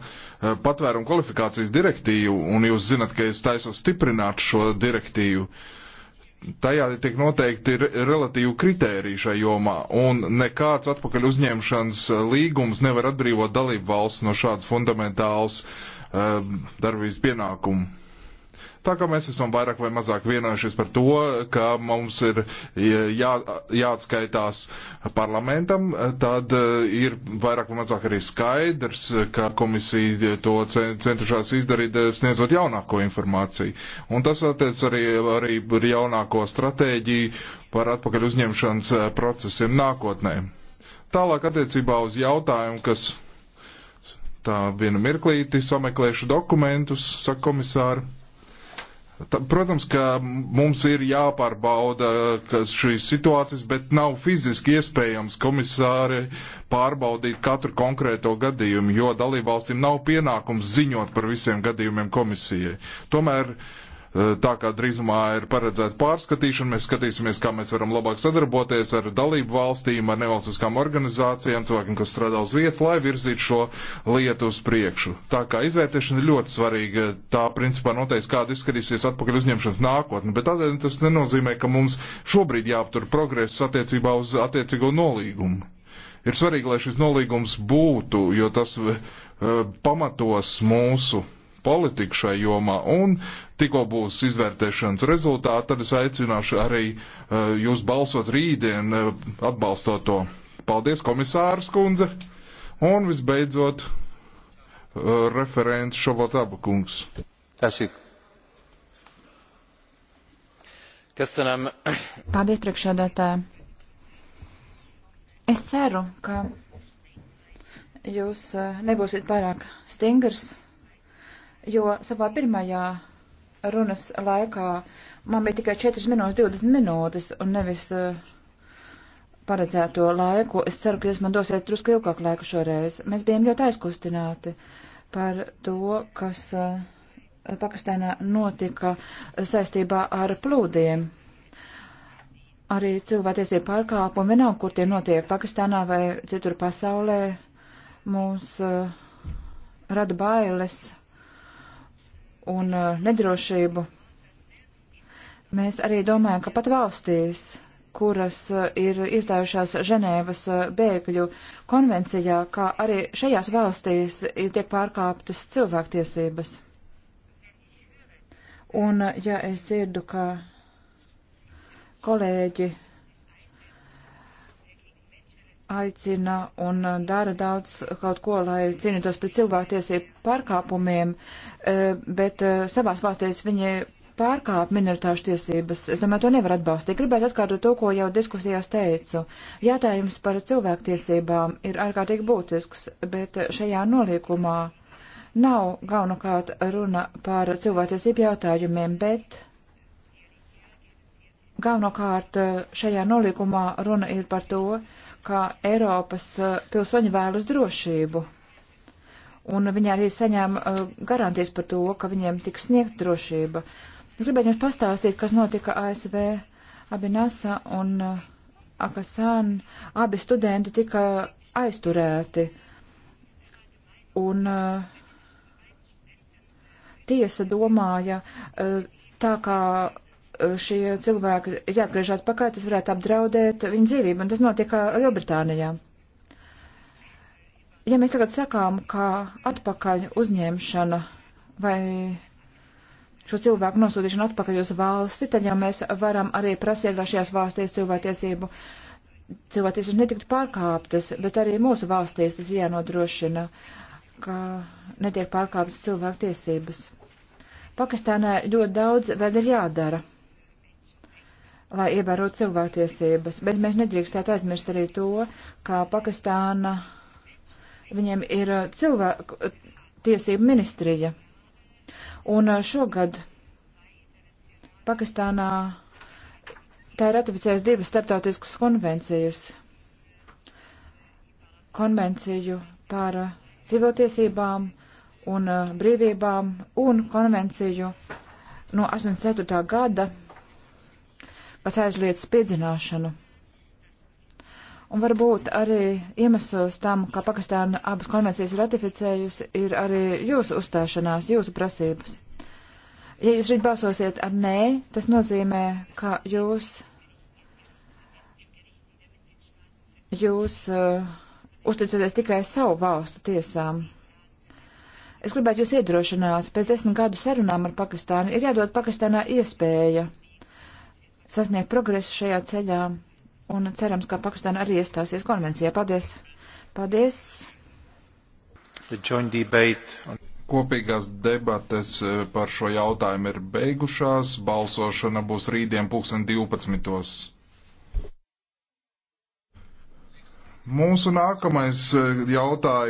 patvērumu kvalifikācijas direktīvu, un jūs zinat, ka es taisos stiprināt šo direktīvu, uh, tajā tiek noteikti relatīvi kritēriji šai jomā, un nekāds atpakaļ uzņemšanas eh, līgums nevar atbrīvot dalību valsts no šādas fundamentāls uh, eh, darbības pienākumu. Tā kā mēs esam vairāk vai mazāk vienojušies par to, ka mums ir jā, jāatskaitās parlamentam, tad eh, ir vairāk vai mazāk arī skaidrs, ka komisija to centušās izdarīt, eh, sniedzot jaunāko informāciju. Un tas attiec arī, arī par jaunāko stratēģiju par atpakaļ uzņemšanas eh, procesiem nākotnē. Tālāk attiecībā uz jautājumu, kas tā vienu mirklīti sameklēšu dokumentus, saka komisāri. Protams, ka mums ir jāpārbauda šīs situācijas, bet nav fiziski iespējams komisāri pārbaudīt katru konkrēto gadījumu, jo dalībvalstīm nav pienākums ziņot par visiem gadījumiem komisijai. Tomēr uh, Eh, tā kā drīzumā ir paredzēta pārskatīšana, mēs skatīsimies, kā mēs varam labāk sadarboties ar dalību valstīm, ar nevalstiskām organizācijām, cilvēkiem, kas strādā uz vietas, lai virzītu šo lietu uz priekšu. Tā kā izvērtēšana ir ļoti svarīga, tā principā noteiks, kāda izskatīsies atpakaļ uzņemšanas nākotne, bet tādēļ tas nenozīmē, ka mums šobrīd jāaptur progress attiecībā uz attiecīgo nolīgumu. Ir svarīgi, lai šis nolīgums būtu, jo tas uh, pamatos mūsu politiku šai jomā, un tikko būs izvērtēšanas rezultāti, tad es aicināšu arī eh, jūs balsot rītdien eh, atbalstot to. Paldies, komisārs kundze! Un visbeidzot, eh, referents Šobotaba kungs. Tas ir. Köszönöm. Paldies, priekšsēdētāji. Es ceru, ka jūs nebūsiet pārāk stingrs jo savā pirmajā runas laikā man bija tikai 4 minūtes 20 minūtes un nevis uh, paredzēto laiku. Es ceru, ka jūs man dosiet drusku ilgāk laiku šoreiz. Mēs bijām ļoti aizkustināti par to, kas uh, Pakistānā notika saistībā ar plūdiem. Arī cilvēktiesību pārkāpumi nav, kur tie notiek Pakistānā vai citur pasaulē. Mums uh, eh, rada bailes un eh, nedrošību, mēs arī domājam, ka pat valstīs, kuras eh, ir iestājušās Ženēvas eh, bēgļu konvencijā, kā arī šajās valstīs tiek pārkāptas cilvēktiesības. Un ja es dzirdu, ka kolēģi aicina un uh, dara daudz kaut ko, lai cīnītos pret cilvēktiesību pārkāpumiem, uh, bet uh, savās valstīs viņi pārkāp minoritāšu tiesības. Es domāju, to nevar atbalstīt. Gribētu atkārtot to, ko jau diskusijās teicu. Jātājums par cilvēktiesībām ir ārkārtīgi būtisks, bet šajā noliekumā nav galvenokārt runa par cilvēktiesību jautājumiem, bet galvenokārt šajā noliekumā runa ir par to, uh, ka Eiropas uh, pilsoņi vēlas drošību. Un viņi arī saņēma uh, garantijas par to, ka viņiem tiks sniegt drošība. Gribētu jums pastāstīt, kas notika ASV. Abi NASA un uh, Akasan, abi studenti tika aizturēti. Un tiesa domāja, tā kā šie cilvēki jāatgriež atpakaļ, tas varētu apdraudēt viņu dzīvību, un tas notiek uh, Lielbritānijā. Ja mēs tagad sakām, ka atpakaļ uzņemšana vai šo cilvēku nosūtīšana atpakaļ uz valsti, tad jau mēs varam arī prasīt, lai šajās valstīs cilvēktiesību cilvēktiesības netiktu pārkāptas, bet arī mūsu valstīs tas jānodrošina, ka netiek pārkāptas cilvēktiesības. Pakistānā ļoti daudz vēl ir jādara lai ievērotu cilvēktiesības. Bet mēs nedrīkstētu aizmirst arī to, ka Pakistāna viņiem ir uh, cilvēku uh, tiesību ministrija. Un uh, šogad Pakistānā tā ir ratificējusi divas starptautiskas konvencijas. Konvenciju par civiltiesībām un brīvībām un konvenciju no 84. gada kas aizliedz spiedzināšanu. Un varbūt arī iemesls tam, ka Pakistāna abas konvencijas ratificējusi, ir arī jūsu uzstāšanās, jūsu prasības. Ja jūs rīt balsosiet ar nē, tas nozīmē, ka jūs, jūs uh, uzticaties tikai savu valstu tiesām. Es gribētu jūs iedrošināt, pēc desmit gadu sarunām ar Pakistānu ir jādod Pakistānā iespēja sasniegt progresu šajā ceļā un cerams, ka Pakistāna arī iestāsies konvencijā. Paldies! Paldies! On... Kopīgās debates eh, par šo jautājumu ir beigušās. Balsošana būs rītdien 2012. Mūsu nākamais eh, jautājums.